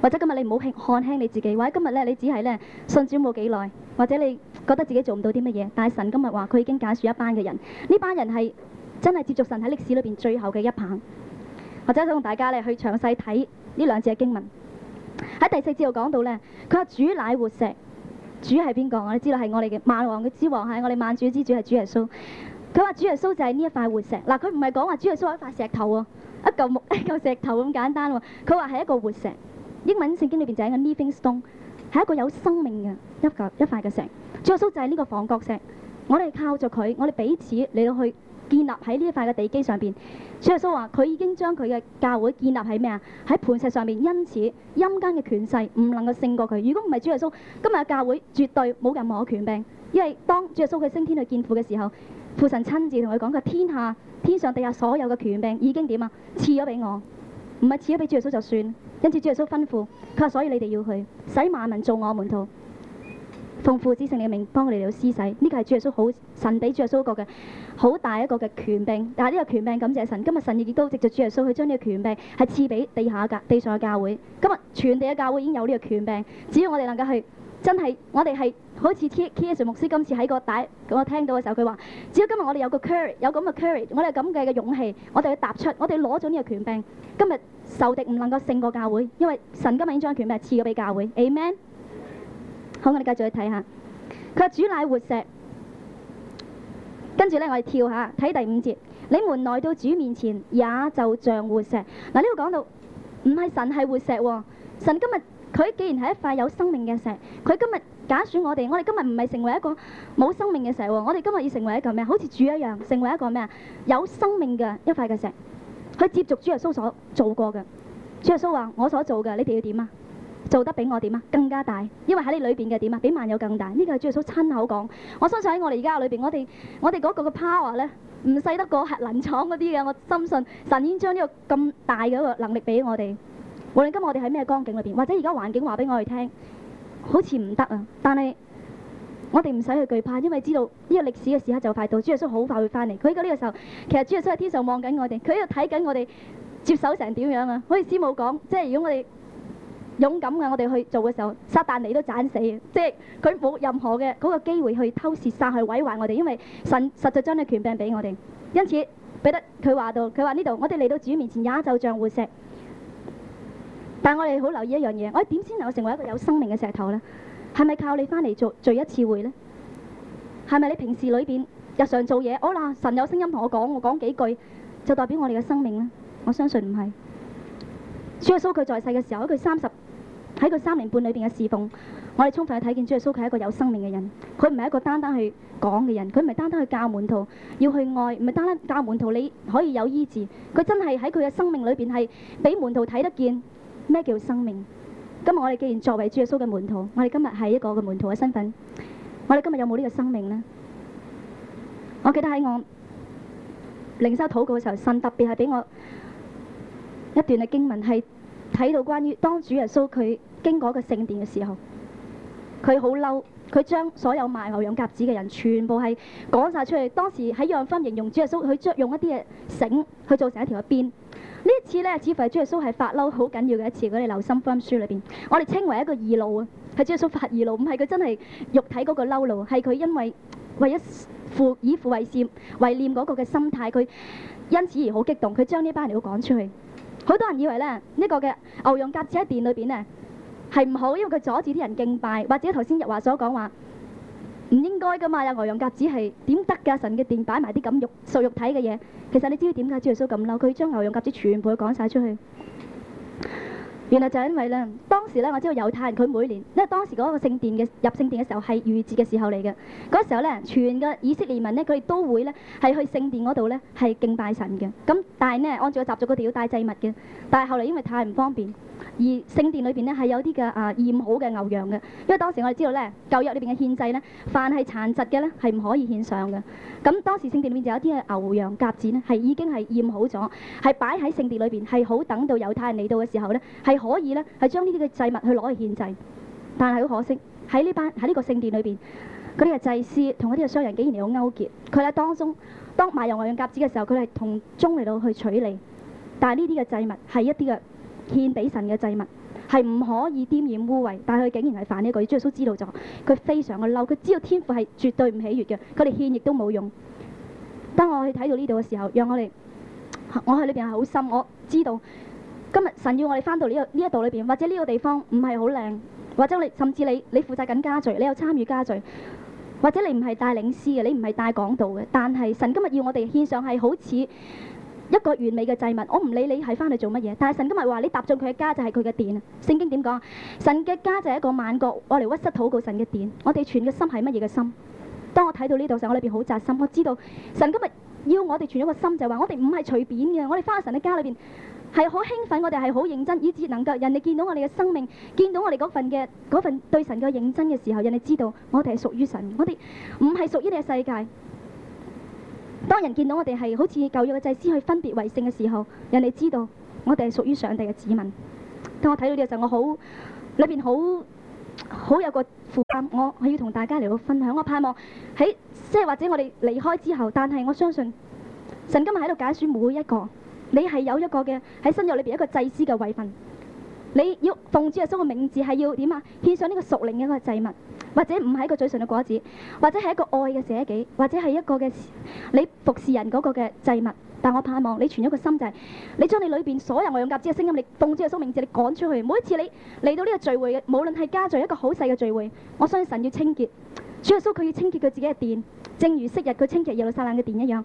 Speaker 3: 或者今日你唔好看輕你自己，或者今日咧你只係咧信主冇幾耐，或者你覺得自己做唔到啲乜嘢，但係神今日話佢已經揀選一班嘅人，呢班人係真係接續神喺歷史裏面最後嘅一棒。或者想同大家咧去詳細睇呢兩節嘅經文，喺第四節度講到呢，佢話主乃活石。主係邊個啊？你知道係我哋嘅萬王嘅之王，係我哋萬主之主係主耶穌。佢話主耶穌就係呢一塊活石，嗱佢唔係講話主耶穌係一塊石頭喎，一嚿木一嚿石頭咁簡單喎。佢話係一個活石，英文聖經裏面就係講 living stone，係一個有生命嘅一嚿一塊嘅石。主耶穌就係呢個房角石，我哋靠著佢，我哋彼此嚟到去，建立喺呢一塊嘅地基上面。主耶穌話佢已經將佢嘅教會建立喺咩啊？喺磐石上面，因此陰間嘅權勢唔能夠勝過佢。如果唔係主耶穌，今日嘅教會絕對冇任何權柄，因為當主耶穌佢升天去見父嘅時候，父神親自同佢講佢天下天上地下所有嘅權柄已經點啊？賜咗俾我，唔係賜咗俾主耶穌就算了。因此主耶穌吩咐佢話，他說所以你哋要去，使萬民做我門徒。奉父之聖靈嘅名幫我哋嚟施洗，呢個係主耶穌好神俾主耶穌個嘅好大一個嘅權柄。但係呢個權柄感謝神，今日神亦都藉著主耶穌，去將呢個權柄係賜俾地下嘅地上嘅教會。今日全地嘅教會已經有呢個權柄，只要我哋能夠係真係，我哋係好似 T T S 牧師今次喺個大我聽到嘅時候，佢話：只要今日我哋有個 courage 有咁嘅 courage 我哋咁計嘅勇氣，我哋要踏出，我哋攞咗呢個權柄。今日受敵唔能夠勝過教會，因為神今日已經將權柄賜咗俾教會。Amen。好，我哋繼續去睇下佢話主乃活石，跟住咧我哋跳吓睇第五節，你們來到主面前，也就像活石。嗱呢度講到唔係神係活石，神今日佢既然係一塊有生命嘅石，佢今日揀選我哋，我哋今日唔係成為一個冇生命嘅石，我哋今日要成為一個咩？好似主一樣，成為一個咩？有生命嘅一塊嘅石，去接續主耶穌所做過嘅。主耶穌話：我所做嘅，你哋要點啊？做得比我點啊？更加大，因為喺你裏邊嘅點啊，比萬有更大。呢個係主耶穌親口講。我相信喺我哋而家裏邊，我哋我哋嗰個嘅 power 咧，唔細得過核能廠嗰啲嘅。我深信神已經將呢個咁大嘅一個能力俾我哋。無論今日我哋喺咩光景裏邊，或者而家環境話俾我哋聽，好似唔得啊！但係我哋唔使去懼怕，因為知道呢個歷史嘅時刻就快到。主耶穌好快會翻嚟。佢喺個呢個時候，其實主耶穌喺天上望緊我哋，佢喺度睇緊我哋接手成點樣啊！好似師母講，即係如果我哋。勇敢嘅我哋去做嘅時候，撒但你都斬死嘅，即係佢冇任何嘅嗰個機會去偷竊、殺害、毀壞我哋，因為神實在將啲權柄俾我哋。因此彼得佢話到，佢話呢度我哋嚟到主面前也就像活石，但係我哋好留意一樣嘢，我點先能夠成為一個有生命嘅石頭咧？係咪靠你返嚟聚聚一次會咧？係咪你平時裏邊日常做嘢？哦嗱神有聲音同我講，我講幾句就代表我哋嘅生命咧？我相信唔係。主耶穌佢在世嘅時候，一句三十。喺佢三年半裏面嘅侍奉，我哋充分去睇見主耶穌佢係一個有生命嘅人。佢唔係一個單單去講嘅人，佢唔係單單去教門徒要去愛，唔係單單教門徒你可以有醫治。佢真係喺佢嘅生命裏面係俾門徒睇得見咩叫生命。今日我哋既然作為主耶穌嘅門徒，我哋今日係一個門徒嘅身份，我哋今日有冇呢個生命呢？我記得喺我靈修禱告嘅時候，神特別係俾我一段嘅經文係。睇到關於當主耶穌佢經過一個聖殿嘅時候，佢好嬲，佢將所有賣牛羊鴿子嘅人全部係趕曬出去。當時喺《養分》形容主耶穌，佢用一啲嘢繩去做成一條嘅鞭。呢一次咧，似乎係主耶穌係發嬲，好緊要嘅一次。我哋《留心福音書》裏邊，我哋稱為一個義怒。啊，係主耶穌發義怒，唔係佢真係肉體嗰個嬲怒，係佢因為為一父以父為先，懷念嗰個嘅心態，佢因此而好激動，佢將呢班人趕出去。好多人以為呢、這個嘅牛羊鴿子喺殿裏面咧係唔好，因為佢阻止啲人敬拜，或者頭先日華所講話唔應該噶嘛，有牛羊鴿子係點得噶？神嘅殿擺埋啲咁肉獸肉體嘅嘢，其實你知點解？主耶穌咁嬲，佢將牛羊鴿子全部趕曬出去。原來就因為呢，當時呢，我知道猶太人佢每年，因為當時嗰個聖殿嘅入聖殿嘅時候係逾越節嘅時候嚟嘅，嗰時候呢，全嘅以色列民呢，佢哋都會呢，係去聖殿嗰度呢，係敬拜神嘅。咁但係呢，按照個習俗，佢哋要帶祭物嘅。但係後嚟因為太唔方便，而聖殿裏面呢，係有一啲嘅啊驗好嘅牛羊嘅，因為當時我哋知道呢，舊約裏面嘅獻祭呢，凡係殘疾嘅呢，係唔可以獻上嘅。咁當時聖殿裏面就有啲嘅牛羊鴿子呢，係已經係驗好咗，係擺喺聖殿裏面，係好等到猶太人嚟到嘅時候呢。可以咧，係將呢啲嘅祭物去攞去獻祭，但係好可惜，喺呢班喺呢個聖殿裏邊，嗰啲嘅祭司同一啲嘅商人竟然嚟到勾結。佢喺當中當賣羊賣鴿子嘅時候，佢係同宗嚟到去取利。但係呢啲嘅祭物係一啲嘅獻俾神嘅祭物，係唔可以沾染污穢。但係佢竟然係犯呢、這、一個，耶穌知道咗，佢非常嘅嬲。佢知道天父係絕對唔喜悅嘅，佢哋獻亦都冇用。當我去睇到呢度嘅時候，讓我哋我喺裏邊係好深，我知道。今日神要我哋翻到呢、這個呢一度裏邊，或者呢個地方唔係好靚，或者你甚至你你負責緊家聚，你有參與家聚，或者你唔係帶領師嘅，你唔係帶講道嘅。但係神今日要我哋獻上係好似一個完美嘅祭物。我唔理你係翻嚟做乜嘢，但係神今日話你踏進佢嘅家就係佢嘅殿。聖經點講？神嘅家就係一個萬國我嚟屈膝禱告神嘅殿。我哋存嘅心係乜嘢嘅心？當我睇到呢度時候，我裏邊好扎心。我知道神今日要我哋存咗個心，就係、是、話我哋唔係隨便嘅。我哋翻去神嘅家裏邊。係好興奮，我哋係好認真，以至能夠人哋見到我哋嘅生命，見到我哋嗰份嘅嗰份對神嘅認真嘅時候，人哋知道我哋係屬於神，我哋唔係屬於呢個世界。當人見到我哋係好似舊約嘅祭司去分別為聖嘅時候，人哋知道我哋係屬於上帝嘅子民。當我睇到呢個時候，我好裏面好好有個負擔，我我要同大家嚟到分享。我盼望喺即係或者我哋離開之後，但係我相信神今日喺度揀選每一個。你係有一個嘅喺新約裏邊一個祭司嘅位份，你要奉主耶穌嘅名字係要點啊？獻上呢個屬靈嘅一個祭物，或者唔係個嘴唇嘅果子，或者係一個愛嘅捨己，或者係一個嘅你服侍人嗰個嘅祭物。但我盼望你存一個心就係、是、你將你裏邊所有愛用鴿子嘅聲音，你奉主耶穌名字你趕出去。每一次你嚟到呢個聚會嘅，無論係家族一個好細嘅聚會，我相信神要清潔主耶穌佢要清潔佢自己嘅殿，正如昔日佢清潔耶路撒冷嘅殿一樣。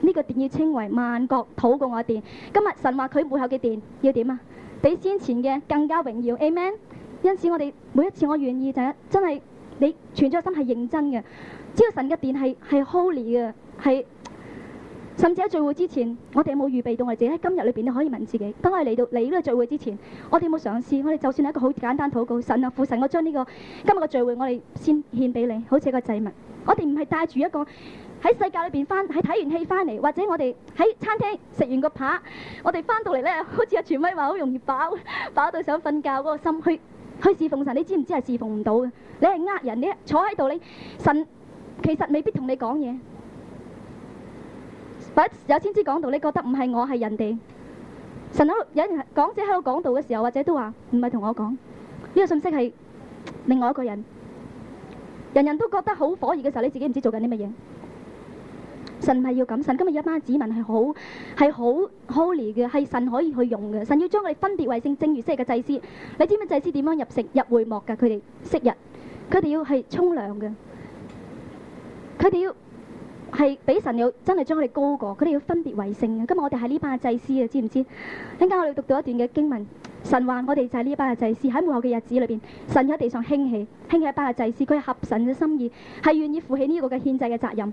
Speaker 3: 呢個殿要稱為萬國土。告我殿。今日神話佢背後嘅殿要點啊？比先前嘅更加榮耀。Amen。因此我哋每一次我願意就真係你存咗心係認真嘅，只要神嘅殿係係 holy 嘅，係甚至喺聚會之前，我哋有冇預備到我自己喺今日裏邊都可以問自己：當我嚟到你呢個聚會之前，我哋有冇嘗試？我哋就算係一個好簡單禱告，神啊父神，我將呢、這個今日嘅聚會我哋先獻俾你，好似一個祭物。我哋唔係帶住一個。喺世界裏邊翻，喺睇完戲翻嚟，或者我哋喺餐廳食完個扒，我哋翻到嚟咧，好似阿全威話好容易飽飽到想瞓覺嗰個心去去侍奉神。你知唔知係侍奉唔到嘅？你係呃人，你坐喺度，你神其實未必同你講嘢，有先知講道，你覺得唔係我係人哋神喺度有人講者喺度講道嘅時候，或者都話唔係同我講呢個信息係另外一個人。人人都覺得好火熱嘅時候，你自己唔知做緊啲乜嘢。神唔係要咁神，今日一班子民係好係好 holy 嘅，係神可以去用嘅。神要將佢哋分別為聖，正如昔日嘅祭司。你知唔知祭司點樣入城入會幕嘅？佢哋昔日，佢哋要係沖涼嘅，佢哋要係俾神要真係將佢哋高過。佢哋要分別為聖嘅。今日我哋係呢班嘅祭司啊，知唔知？一陣間我哋讀到一段嘅經文，神話我哋就係呢班嘅祭司。喺幕後嘅日子裏邊，神喺地上興起興起一班嘅祭司，佢合神嘅心意，係願意負起呢個嘅獻祭嘅責任。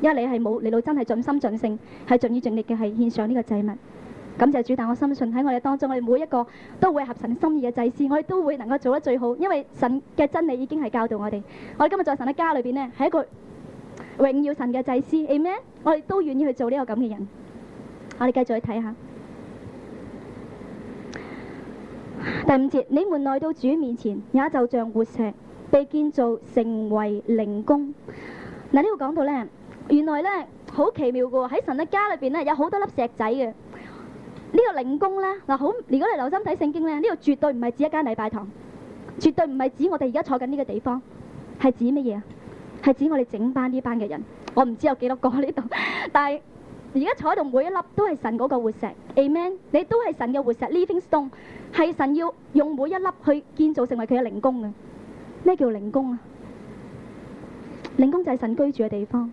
Speaker 3: 因為你係冇，你老真係盡心盡性，係盡意盡力嘅，係獻上呢個祭物感謝主。但我深信喺我哋當中，我哋每一個都會合神心意嘅祭司，我哋都會能夠做得最好，因為神嘅真理已經係教導我哋。我哋今日在神嘅家裏面咧，係一個榮耀神嘅祭司，係咩？我哋都願意去做呢個咁嘅人。我哋繼續去睇下第五節：你們來到主面前，也就像活石被建造成為靈宮。嗱，呢個講到呢。原來咧好奇妙嘅喎，喺神嘅家裏邊咧有好多粒石仔嘅、這個、呢個靈宮咧嗱好。如果你留心睇聖經咧，呢度絕對唔係指一間禮拜堂，絕對唔係指我哋而家坐緊呢個地方，係指乜嘢啊？係指我哋整班呢班嘅人。我唔知有幾多個喺呢度，但係而家坐喺度每一粒都係神嗰個活石。Amen！你都係神嘅活石。Living Stone 係神要用每一粒去建造成為佢嘅靈宮嘅。咩叫靈宮啊？靈宮就係神居住嘅地方。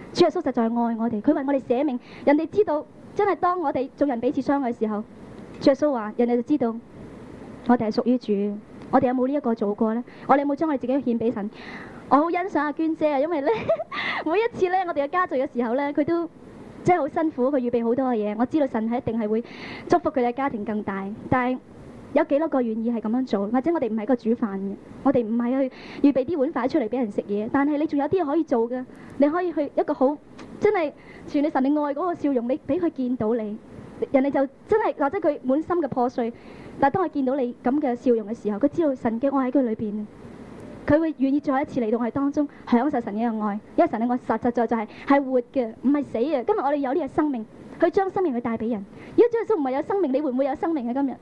Speaker 3: 主耶穌實在愛我哋，佢為我哋捨命，人哋知道，真係當我哋做人彼此相愛嘅時候，主耶穌話：人哋就知道我哋係屬於主，我哋有冇呢一個做過咧？我哋有冇將我哋自己獻俾神？我好欣賞阿娟姐啊，因為咧每一次咧我哋嘅家族嘅時候咧，佢都真係好辛苦，佢預備好多嘅嘢，我知道神係一定係會祝福佢嘅家庭更大，但係。有幾多個願意係咁樣做？或者我哋唔係一個煮飯嘅，我哋唔係去預備啲碗筷出嚟俾人食嘢。但係你仲有啲嘢可以做嘅，你可以去一個好真係全你神你愛嗰個笑容，你俾佢見到你，人哋就真係或者佢滿心嘅破碎，但係當佢見到你咁嘅笑容嘅時候，佢知道神嘅愛喺佢裏面，佢會願意再一次嚟到我哋當中享受神嘅愛，因為神嘅愛實實在在係活嘅，唔係死嘅。今日我哋有呢個生命去將生命去帶俾人。如果今日都唔係有生命，你會唔會有生命喺今日？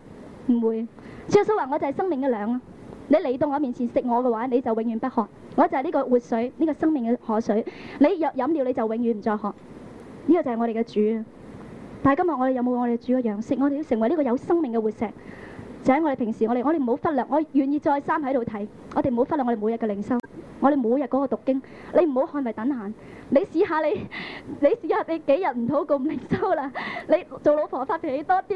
Speaker 3: 唔會，耶穌話：我就係生命嘅糧啊！你嚟到我面前食我嘅話，你就永遠不渴。我就係呢個活水，呢個生命嘅河水。你若飲了，你就永遠唔再渴。呢個就係我哋嘅主啊！但係今日我哋有冇我哋主嘅樣式？我哋要成為呢個有生命嘅活石，就喺我哋平時我哋，我哋唔好忽略。我願意再三喺度睇，我哋唔好忽略我哋每日嘅靈修，我哋每日嗰個讀經，你唔好看為等閒。你試下你，你試下你幾日唔討共靈修啦？你做老婆發脾氣多啲。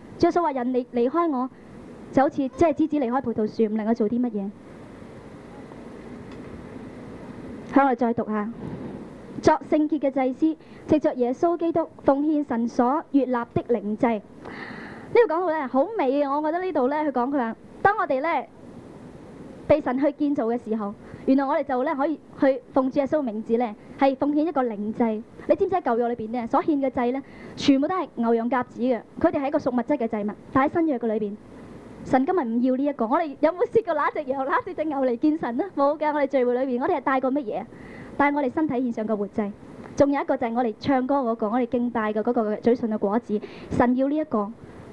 Speaker 3: 即係所謂人離離開我，就好似即係枝子離開葡萄樹，唔能夠我做啲乜嘢。我哋再讀下！作聖潔嘅祭司，藉著耶穌基督奉獻神所悅納的靈祭。呢個講到咧好美啊！我覺得呢度咧，佢講佢話，當我哋咧被神去建造嘅時候，原來我哋就咧可以去奉主耶穌嘅名字咧，係奉獻一個靈祭。你知唔知舊約裏邊呢所獻嘅祭呢，全部都係牛羊鴿子嘅，佢哋係一個屬物質嘅祭物。但喺新約嘅裏邊，神今日唔要呢一個。我哋有冇試過攞隻羊、攞隻隻牛嚟見神呢？冇嘅。我哋聚會裏邊，我哋係帶過乜嘢？帶我哋身體獻上嘅活祭。仲有一個就係我哋唱歌嗰個，我哋敬拜嘅嗰個嘴唇嘅果子。神要呢一個。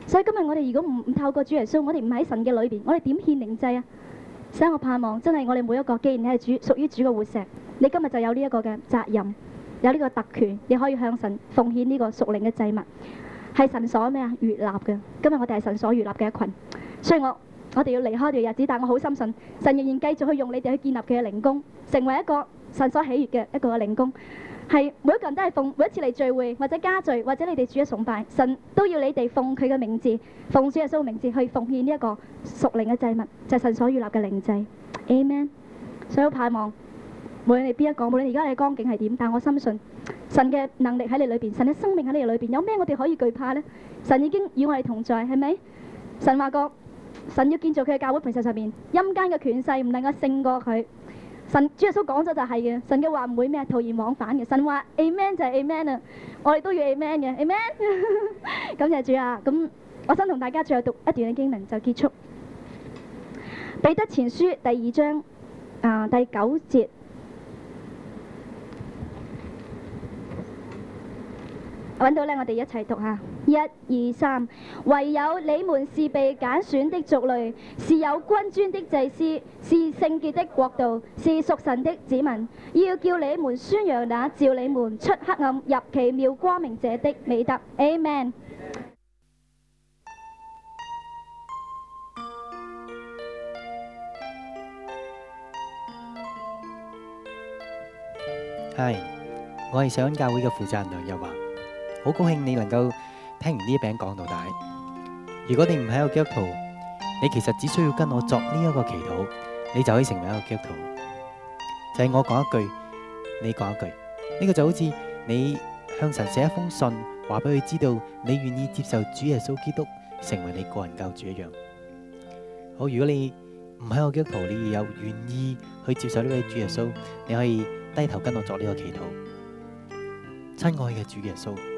Speaker 3: 所以今日我哋如果唔唔透過主耶穌，我哋唔喺神嘅裏邊，我哋點獻靈祭啊？所以我盼望真係我哋每一個，既然你係主，屬於主嘅活石，你今日就有呢一個嘅責任。有呢個特權，你可以向神奉獻呢個屬靈嘅祭物，係神所咩啊悅納嘅。今日我哋係神所悅納嘅一群，所以我我哋要離開條日子，但我好深信，神仍然繼續去用你哋去建立佢嘅靈宮，成為一個神所喜悅嘅一個嘅靈宮。係每一個人都係奉每一次嚟聚會，或者家聚，或者你哋主日崇拜，神都要你哋奉佢嘅名字，奉主耶穌嘅名字去奉獻呢一個屬靈嘅祭物，就係、是、神所悅納嘅靈祭。Amen。所有盼望。無論你邊一個，無論而家你光景係點，但我深信神嘅能力喺你裏邊，神嘅生命喺你裏邊，有咩我哋可以懼怕呢？神已經與我哋同在，係咪？神話過，神要建造佢嘅教會，磐石上面陰間嘅權勢唔能夠勝過佢。神主耶穌講咗就係嘅，神嘅話唔會咩徒然往返嘅。神話 Amen 就係 Amen 啊，我哋都要 Amen 嘅 Amen。感謝主啊！咁我想同大家最後讀一段嘅經文就結束。彼得前書第二章啊第九節。揾到呢，我哋一齊讀吓，一二三，唯有你們是被揀選的族類，是有君尊的祭司，是聖潔的國度，是屬神的子民，要叫你們宣揚那召你們出黑暗入奇妙光明者的美德。Amen。
Speaker 2: 係，我係上教會嘅負責人梁日華。好高興你能夠聽完呢一餅講到大。如果你唔喺個基督徒，你其實只需要跟我作呢一個祈禱，你就可以成為一個基督徒。就係我講一句，你講一句，呢個就好似你向神寫一封信，話俾佢知道你願意接受主耶穌基督成為你個人救主一樣。好，如果你唔喺個基督徒，你有願意去接受呢位主耶穌，你可以低頭跟我作呢個祈禱。親愛嘅主耶穌。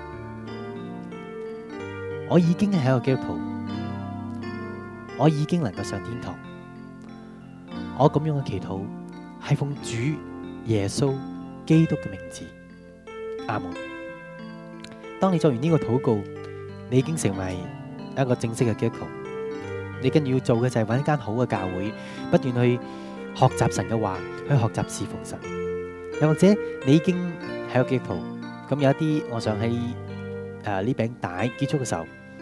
Speaker 2: 我已經係喺個基督徒，我已經能夠上天堂。我咁樣嘅祈禱係奉主耶穌基督嘅名字，阿門。當你做完呢個禱告，你已經成為一個正式嘅基督徒。你跟住要做嘅就係揾一間好嘅教會，不斷去學習神嘅話，去學習侍奉神。又或者你已經係個基督徒，咁有一啲我想喺誒呢餅帶結束嘅時候。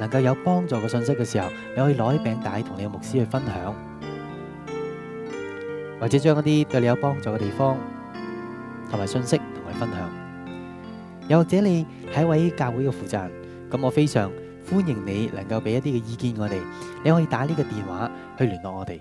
Speaker 2: 能夠有幫助嘅信息嘅時候，你可以攞起餅帶同你嘅牧師去分享，或者將一啲對你有幫助嘅地方同埋信息同佢分享。又或者你係一位教會嘅負責人，咁我非常歡迎你能夠俾一啲嘅意見我哋。你可以打呢個電話去聯絡我哋。